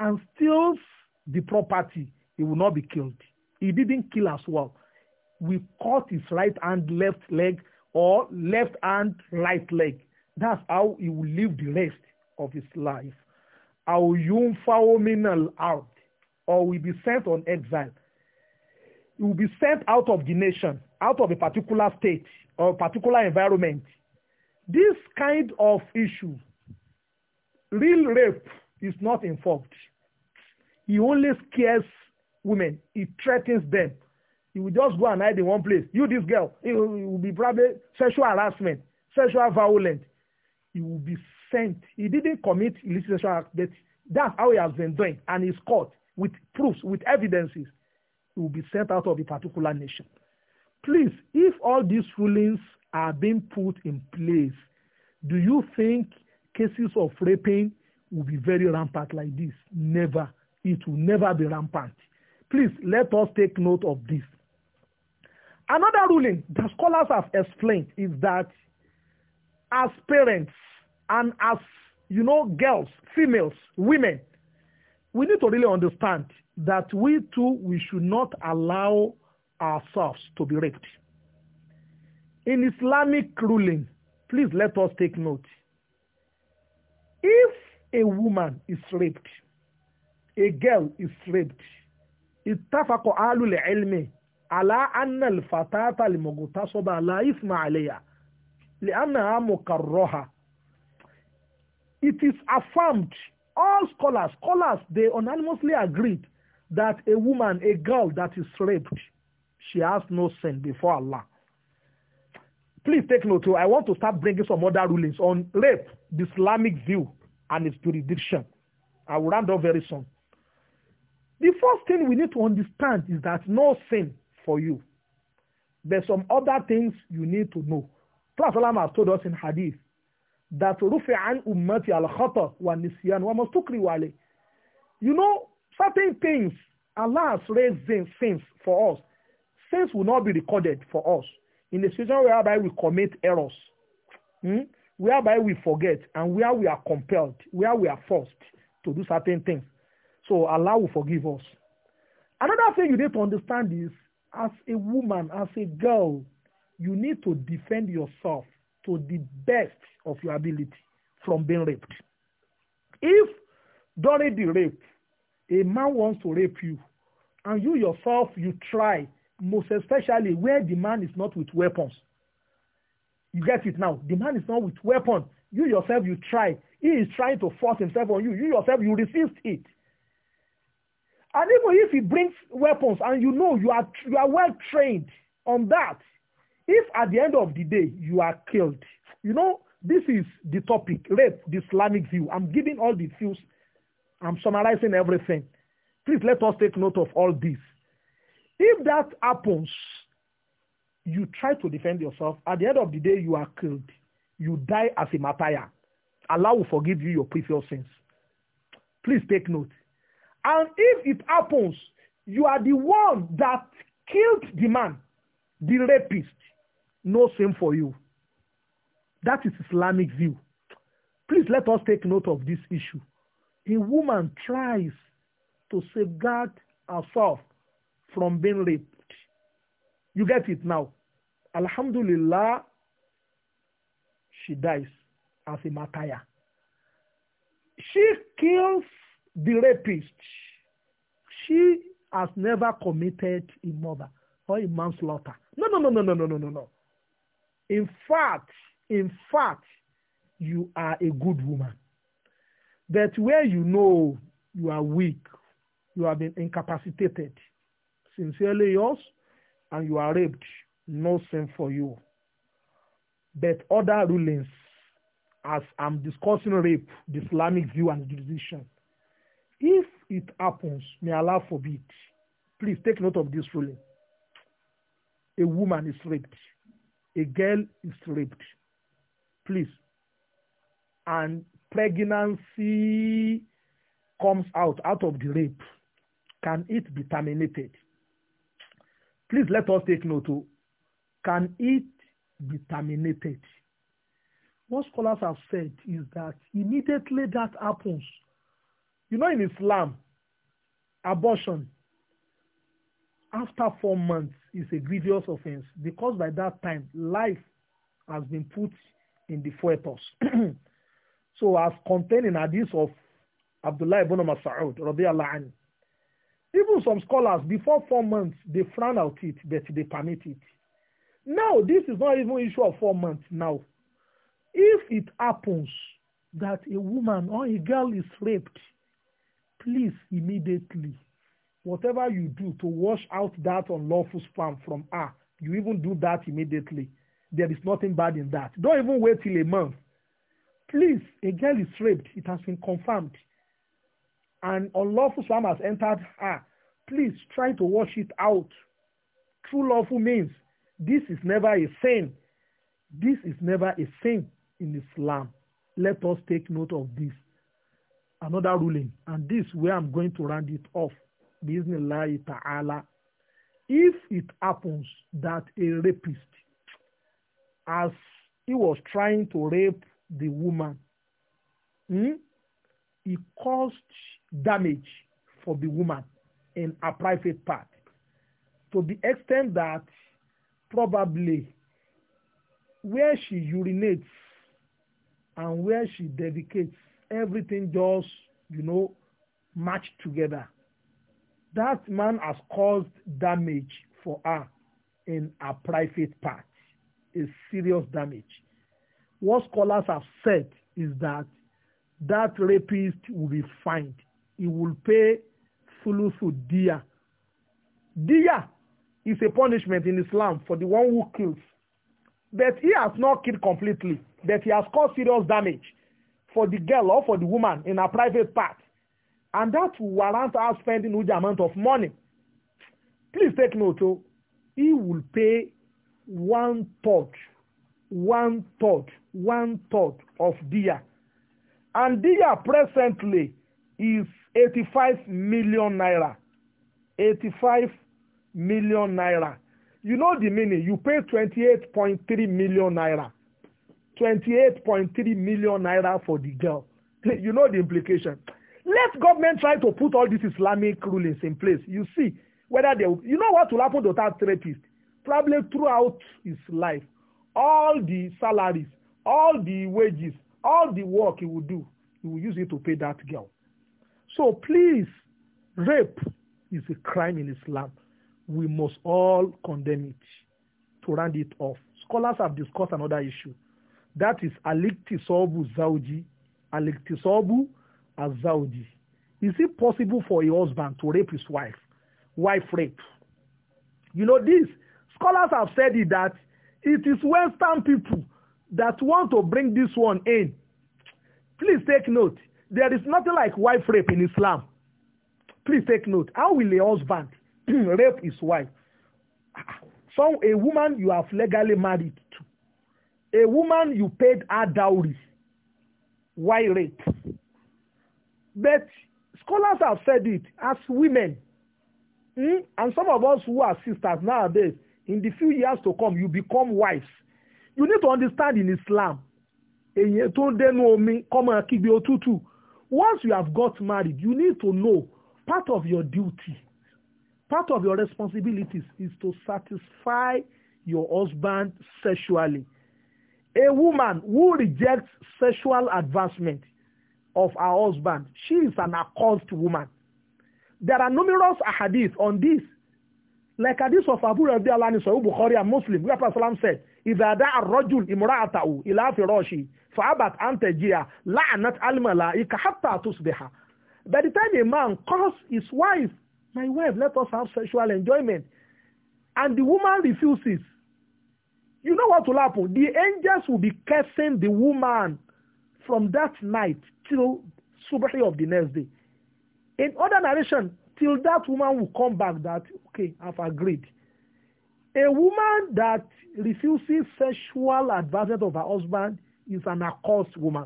and steals the property, he will not be killed. He didn't kill as well. We cut his right hand, left leg, or left hand, right leg. That's how he will live the rest of his life. Our young out, or will be sent on exile. you will be sent out of the nation, out of a particular state or particular environment. This kind of issue, real rape is not involved. He only scares women. He threatens them. He will just go and hide in one place. You, this girl, it will, it will be probably sexual harassment, sexual violence. He will be sent. He didn't commit illicit sexual act, but that's how he has been doing, and he's caught with proofs, with evidences will be sent out of a particular nation. Please, if all these rulings are being put in place, do you think cases of raping will be very rampant like this? Never. It will never be rampant. Please, let us take note of this. Another ruling the scholars have explained is that as parents and as, you know, girls, females, women, we need to really understand that we too, we should not allow ourselves to be raped. In Islamic ruling, please let us take note. If a woman is raped, a girl is raped, اتفق أهل العلم على أن الفتاة المغتصبة لا إثم عليها لأنها مكرهة. It is affirmed, all scholars, scholars, they unanimously agreed that a woman, a girl that is raped, she has no sin before Allah. Please take note, too. Oh, I want to start bringing some other rulings on rape, the Islamic view, and its jurisdiction. I will round up very soon. The first thing we need to understand is that no sin for you. There's some other things you need to know. Prophet has told us in Hadith that rufi an ummati al khata wa nisyan wa mastukri wale. You know, Certain things Allah has raised sins for us. Sins will not be recorded for us. In the situation whereby we commit errors, hmm, whereby we forget, and where we are compelled, where we are forced to do certain things. So Allah will forgive us. Another thing you need to understand is, as a woman, as a girl, you need to defend yourself to the best of your ability from being raped. If during the rape, a man wants to rape you and you yourself you try most especially where the man is not with weapons you get it now the man is not with weapon you yourself you try he is trying to force himself on you you yourself you resist it and even if he brings weapons and you know you are you are well trained on that if at the end of the day you are killed you know this is the topic rape the islamic view i'm giving all the views I'm summarizing everything. Please let us take note of all this. If that happens, you try to defend yourself. At the end of the day, you are killed. You die as a martyr. Allah will forgive you your previous sins. Please take note. And if it happens, you are the one that killed the man, the rapist. No sin for you. That is Islamic view. Please let us take note of this issue a woman tries to safeguard herself from being raped. You get it now. Alhamdulillah, she dies as a martyr. She kills the rapist. She has never committed a murder or a manslaughter. No, no, no, no, no, no, no, no, no. In fact, in fact, you are a good woman. That where you know you are weak, you have been incapacitated, sincerely yours, and you are raped, no sin for you. But other rulings, as I'm discussing rape, the Islamic view and jurisdiction, if it happens, may Allah forbid, please take note of this ruling. A woman is raped. A girl is raped. Please. And pregnancy comes out out of the rape, can it be terminated? Please let us take note. Too. Oh. Can it be terminated? What scholars have said is that immediately that happens, you know, in Islam, abortion after four months is a grievous offense because by that time life has been put in the fetus. So as contained in hadith of Abdullah ibn Mas'ud, radiyallahu anhu. Even some scholars, before four months, they frown out it, but they permit it. Now, this is not even issue of four months now. If it happens that a woman or a girl is raped, please immediately, whatever you do to wash out that unlawful sperm from her, you even do that immediately. There is nothing bad in that. Don't even wait till a month Please, a girl is raped. It has been confirmed. And unlawful sperm has entered her. Please try to wash it out. True lawful means this is never a sin. This is never a sin in Islam. Let us take note of this. Another ruling, and this where I'm going to round it off. Bismillah ta'ala. If it happens that a rapist, as he was trying to rape the woman. Hmm? It caused damage for the woman in a private part to the extent that probably where she urinates and where she dedicates everything just you know matched together that man has caused damage for her in a private part a serious damage what scholars have said is that that rapist will be fined. He will pay sulusu dia. Dia is a punishment in Islam for the one who kills. But he has not killed completely. But he has caused serious damage for the girl or for the woman in her private part. And that will warrant us spending huge amount of money. Please take note, oh, he will pay one touch one third one third of dia and dia presently is 85 million naira 85 million naira you know the meaning you pay 28.3 million naira 28.3 million naira for the girl you know the implication let government try to put all these islamic rulings in place you see whether they you know what will happen to that therapist probably throughout his life all the salaries, all the wages, all the work he will do, he will use it to pay that girl. So please, rape is a crime in Islam. We must all condemn it to round it off. Scholars have discussed another issue. That is aliktisobu zauji, aliktisobu azauji. Is it possible for a husband to rape his wife? Wife rape. You know this. Scholars have said it that It is Western people that want to bring this one in. Please take note. There is nothing like wife rape in Islam. Please take note. How will a husband rape his wife? Some a woman you have legally married to. A woman you paid her dowry. Why rape? But scholars have said it as women. Mm? And some of us who are sisters nowadays, in the few years to come you become wives you need to understand in Islam èyí tó ń dẹnu omi kọ́mọ kígbe òtútù once you have got married you need to know part of your duty part of your responsibilities is to satisfy your husband sexually a woman who rejects sexual advancement of her husband she is an accursed woman there are numerous hadith on this Like this of Abu Rabi Alani Sahih Bukhari and Muslim, where Prophet Salam said, إذا دعا الرجل امرأته إلى فراشه فأبت أن تجيء لعنت الملائكة حتى تصبح. By the time a man calls his wife, my wife, let us have sexual enjoyment, and the woman refuses, you know what will happen? The angels will be cursing the woman from that night till subhi of the next day. In other narration, till that woman will come back that, okay, I've agreed. A woman that refuses sexual advancement of her husband is an accursed woman.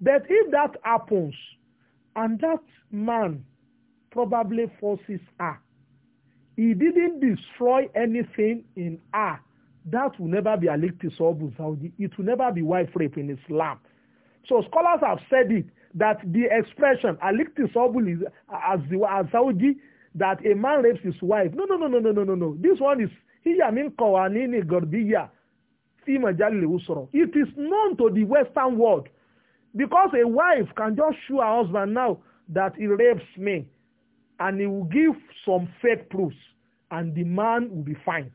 But if that happens, and that man probably forces her, he didn't destroy anything in her. That will never be alikti sobu Saudi. It will never be wife rape in Islam. So scholars have said it that the expression as azawji that a man rapes his wife no no no no no no no no this one is hiyamin kawanini gordiya fimajalilewu usoro. it is known to the western world because a wife can just show her husband now that he rapes me and he will give some fake proofs and the man will be fined.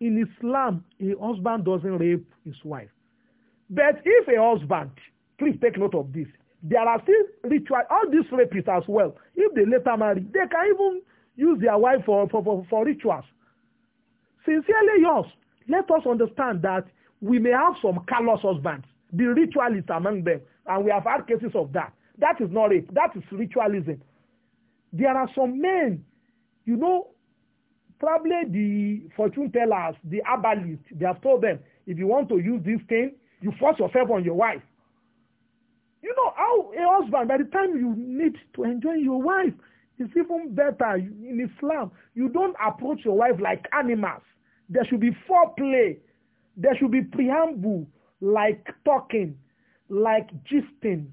In Islam, a husband doesn't rape his wife. But if a husband, please take note of this, There are still rituals. all these rapists as well. If they later marry, they can even use their wife for, for, for, for rituals. Sincerely yours, let us understand that we may have some callous husbands. The ritualists among them, and we have had cases of that. That is not rape. That is ritualism. There are some men, you know, probably the fortune tellers, the herbalists, they have told them, if you want to use this thing, you force yourself on your wife. You know how a husband, by the time you need to enjoy your wife, it's even better in Islam. You don't approach your wife like animals. There should be foreplay. There should be preamble, like talking, like gisting,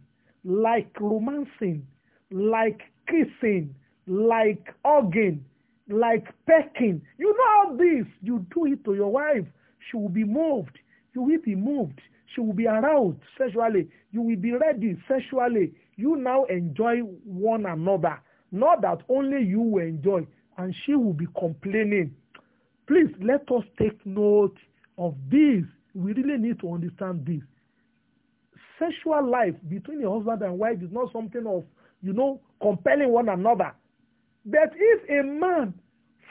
like romancing, like kissing, like hugging, like pecking. You know all this. You do it to your wife. She will be moved. You will be moved she will be aroused sexually. You will be ready sexually. You now enjoy one another. Not that only you will enjoy and she will be complaining. Please let us take note of this. We really need to understand this. Sexual life between a husband and wife is not something of, you know, compelling one another. That if a man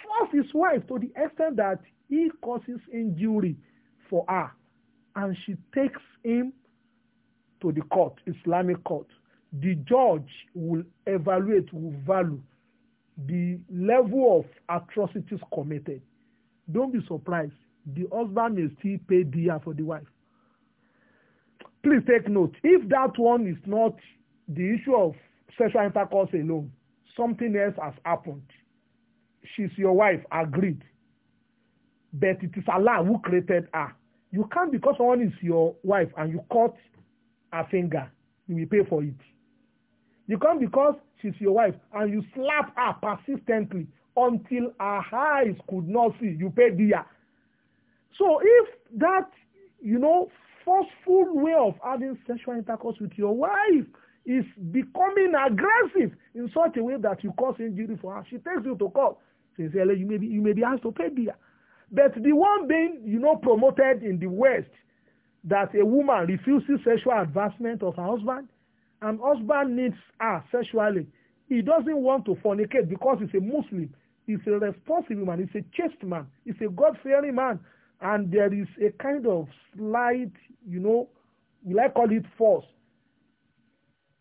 forces his wife to the extent that he causes injury for her, and she takes him to the court, Islamic court. The judge will evaluate, will value the level of atrocities committed. Don't be surprised. The husband may still pay dia for the wife. Please take note. If that one is not the issue of sexual intercourse alone, something else has happened. She's your wife, agreed. But it is Allah who created her. You can't because someone is your wife and you cut her finger, you will pay for it. You can't because she's your wife and you slap her persistently until her eyes could not see, you pay dia. So if that, you know, forceful way of having sexual intercourse with your wife is becoming aggressive in such a way that you cause injury for her, she takes you to court. Sincerely, you may be, you may be asked to pay dia. But the one being, you know, promoted in the West that a woman refuses sexual advancement of her husband and husband needs her sexually. He doesn't want to fornicate because he's a Muslim. He's a responsible man. He's a chaste man. He's a God-fearing man. And there is a kind of slight, you know, we like call it force.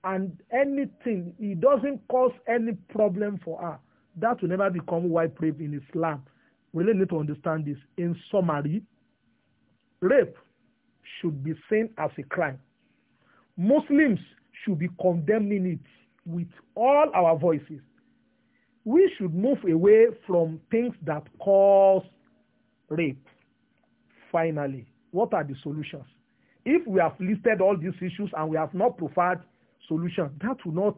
And anything, he doesn't cause any problem for her. That will never become white rape in Islam we really need to understand this. In summary, rape should be seen as a crime. Muslims should be condemning it with all our voices. We should move away from things that cause rape. Finally, what are the solutions? If we have listed all these issues and we have not provided solutions, that will not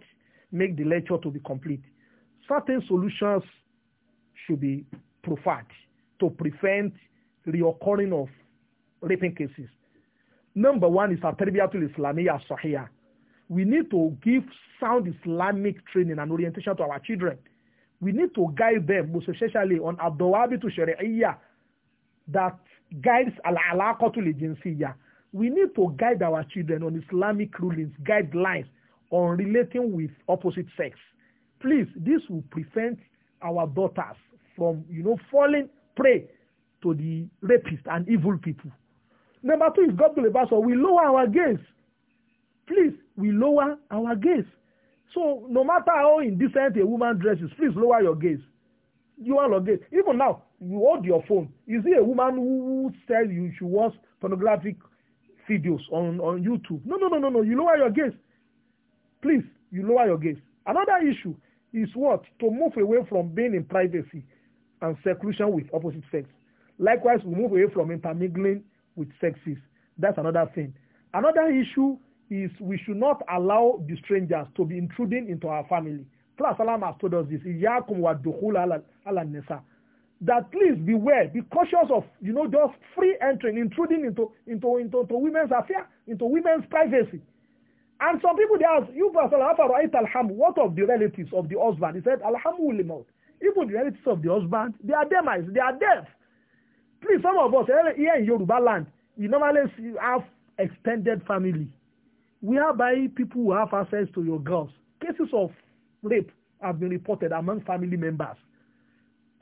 make the lecture to be complete. Certain solutions should be preferred to prevent reoccurring of raping cases. Number one is At-Tarbiyatul Islamiyya Sahia. We need to give sound Islamic training and orientation to our children. We need to guide them, most especially on Abdawabitu Shari'iyya, that guides Al-Alaqatul Jinsiyya. We need to guide our children on Islamic rulings, guidelines on relating with opposite sex. Please, this will prevent our daughters from you know falling prey to the rapists and evil people. Number two is God believers, so we lower our gaze. Please, we lower our gaze. So no matter how indecent a woman dresses, please lower your gaze. You are your gaze. Even now, you hold your phone. You see a woman who says you she watch pornographic videos on, on YouTube. No, no, no, no, no. You lower your gaze. Please, you lower your gaze. Another issue is what? To move away from being in privacy and seclusion with opposite sex. Likewise, we move away from intermingling with sexes. That's another thing. Another issue is we should not allow the strangers to be intruding into our family. Class Salam has told us this. That please beware, be cautious of you know just free entering, intruding into into into, into women's affair, into women's privacy. And some people they ask, you Prophet, what of the relatives of the husband? He said, Alhamdulillah even the relatives of the husband they are demise they are deaf please some of us eh, here in Yoruba land you normally see, have extended family whereby people who have access to your girls cases of rape have been reported among family members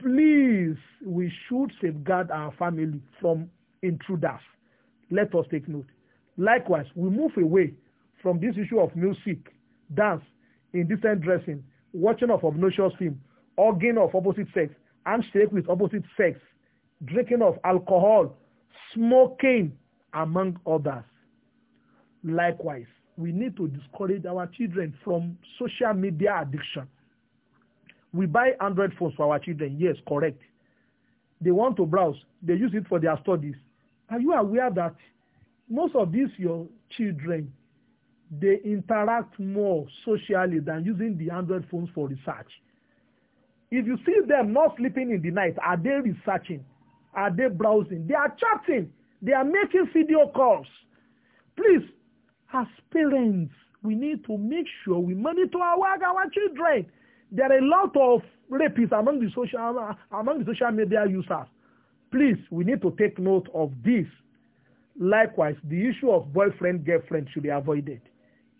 please we should safeguard our family from intruders let us take note likewise we move away from this issue of music dance indecent dressing watching of obnoxious films hugging of opposite sex, handshake with opposite sex, drinking of alcohol, smoking, among others. Likewise, we need to discourage our children from social media addiction. We buy Android phones for our children. Yes, correct. They want to browse. They use it for their studies. Are you aware that most of these your children, they interact more socially than using the Android phones for research? If you see them not sleeping in the night, are they researching? Are they browsing? They are chatting. They are making video calls. Please, as parents, we need to make sure we monitor our, our children. There are a lot of rapists among the social among the social media users. Please, we need to take note of this. Likewise, the issue of boyfriend girlfriend should be avoided.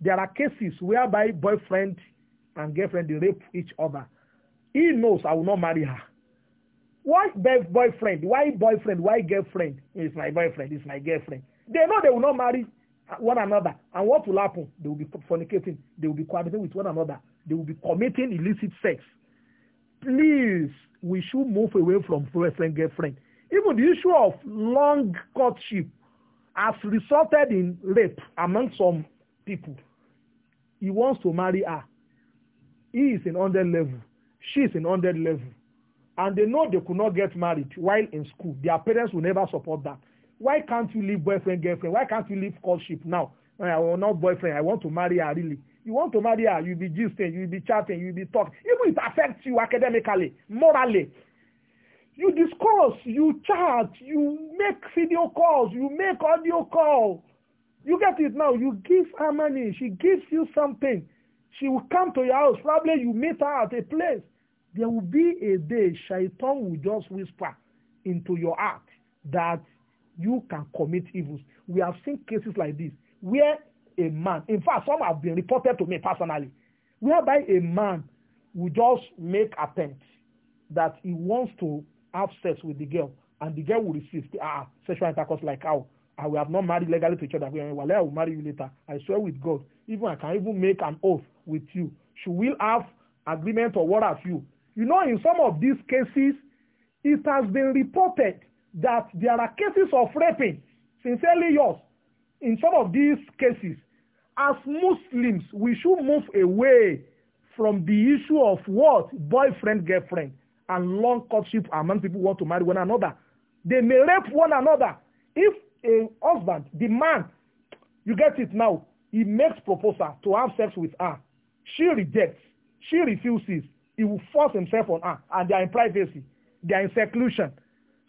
There are cases whereby boyfriend and girlfriend rape each other he knows I will not marry her. Why boyfriend? Why boyfriend? Why girlfriend? It's my boyfriend. It's my girlfriend. They know they will not marry one another. And what will happen? They will be fornicating. They will be cohabiting with one another. They will be committing illicit sex. Please, we should move away from boyfriend, girlfriend. Even the issue of long courtship has resulted in rape among some people. He wants to marry her. He is in under level She is in 100 level. And they know they could not get married while in school. Their parents will never support that. Why can't you leave boyfriend, girlfriend? Why can't you leave courtship now? I eh, want not boyfriend. I want to marry her, really. You want to marry her, you'll be gisting, you'll be chatting, you'll be talking. Even if it affects you academically, morally. You discuss, you chat, you make video calls, you make audio call. You get it now. You give her money. She gives you something. She will come to your house. Probably you meet her at a place. There will be a day shaitan will just whisper into your heart that you can commit evils. We have seen cases like this where a man, in fact, some have been reported to me personally, whereby a man will just make attempt that he wants to have sex with the girl and the girl will resist ah, sexual intercourse like how I ah, will have not married legally to each other. Well, I will marry you later. I swear with God. Even I can even make an oath with you. She will have agreement or what have you. You know, in some of these cases, it has been reported that there are cases of raping, sincerely yours, in some of these cases. As Muslims, we should move away from the issue of what? Boyfriend, girlfriend, and long courtship among people want to marry one another. They may rape one another. If a husband, the man, you get it now, he makes proposal to have sex with her. She rejects. She refuses. He will force himself on her, ah, and they are in privacy. They are in seclusion.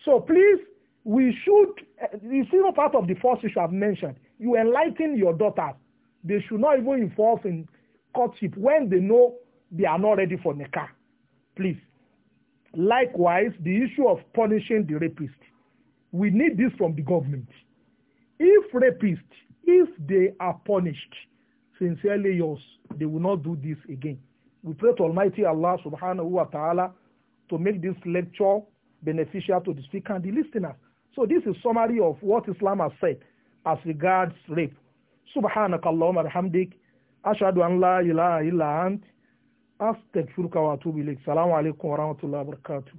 So please, we should, eh, you see, no part of the first issue I've mentioned. You enlighten your daughters. They should not even involve in courtship when they know they are not ready for nikah. Please. Likewise, the issue of punishing the rapist. We need this from the government. If rapists, if they are punished, sincerely yours, they will not do this again. We pray to Almighty Allah subhanahu wa ta'ala to make this lecture beneficial to the speaker and the listeners. So this is summary of what Islam has said as regards rape. سبحانك اللهم وبحمدك أشهد أن لا إله إلا أنت أستغفرك وأتوب إليك السلام عليكم ورحمة الله وبركاته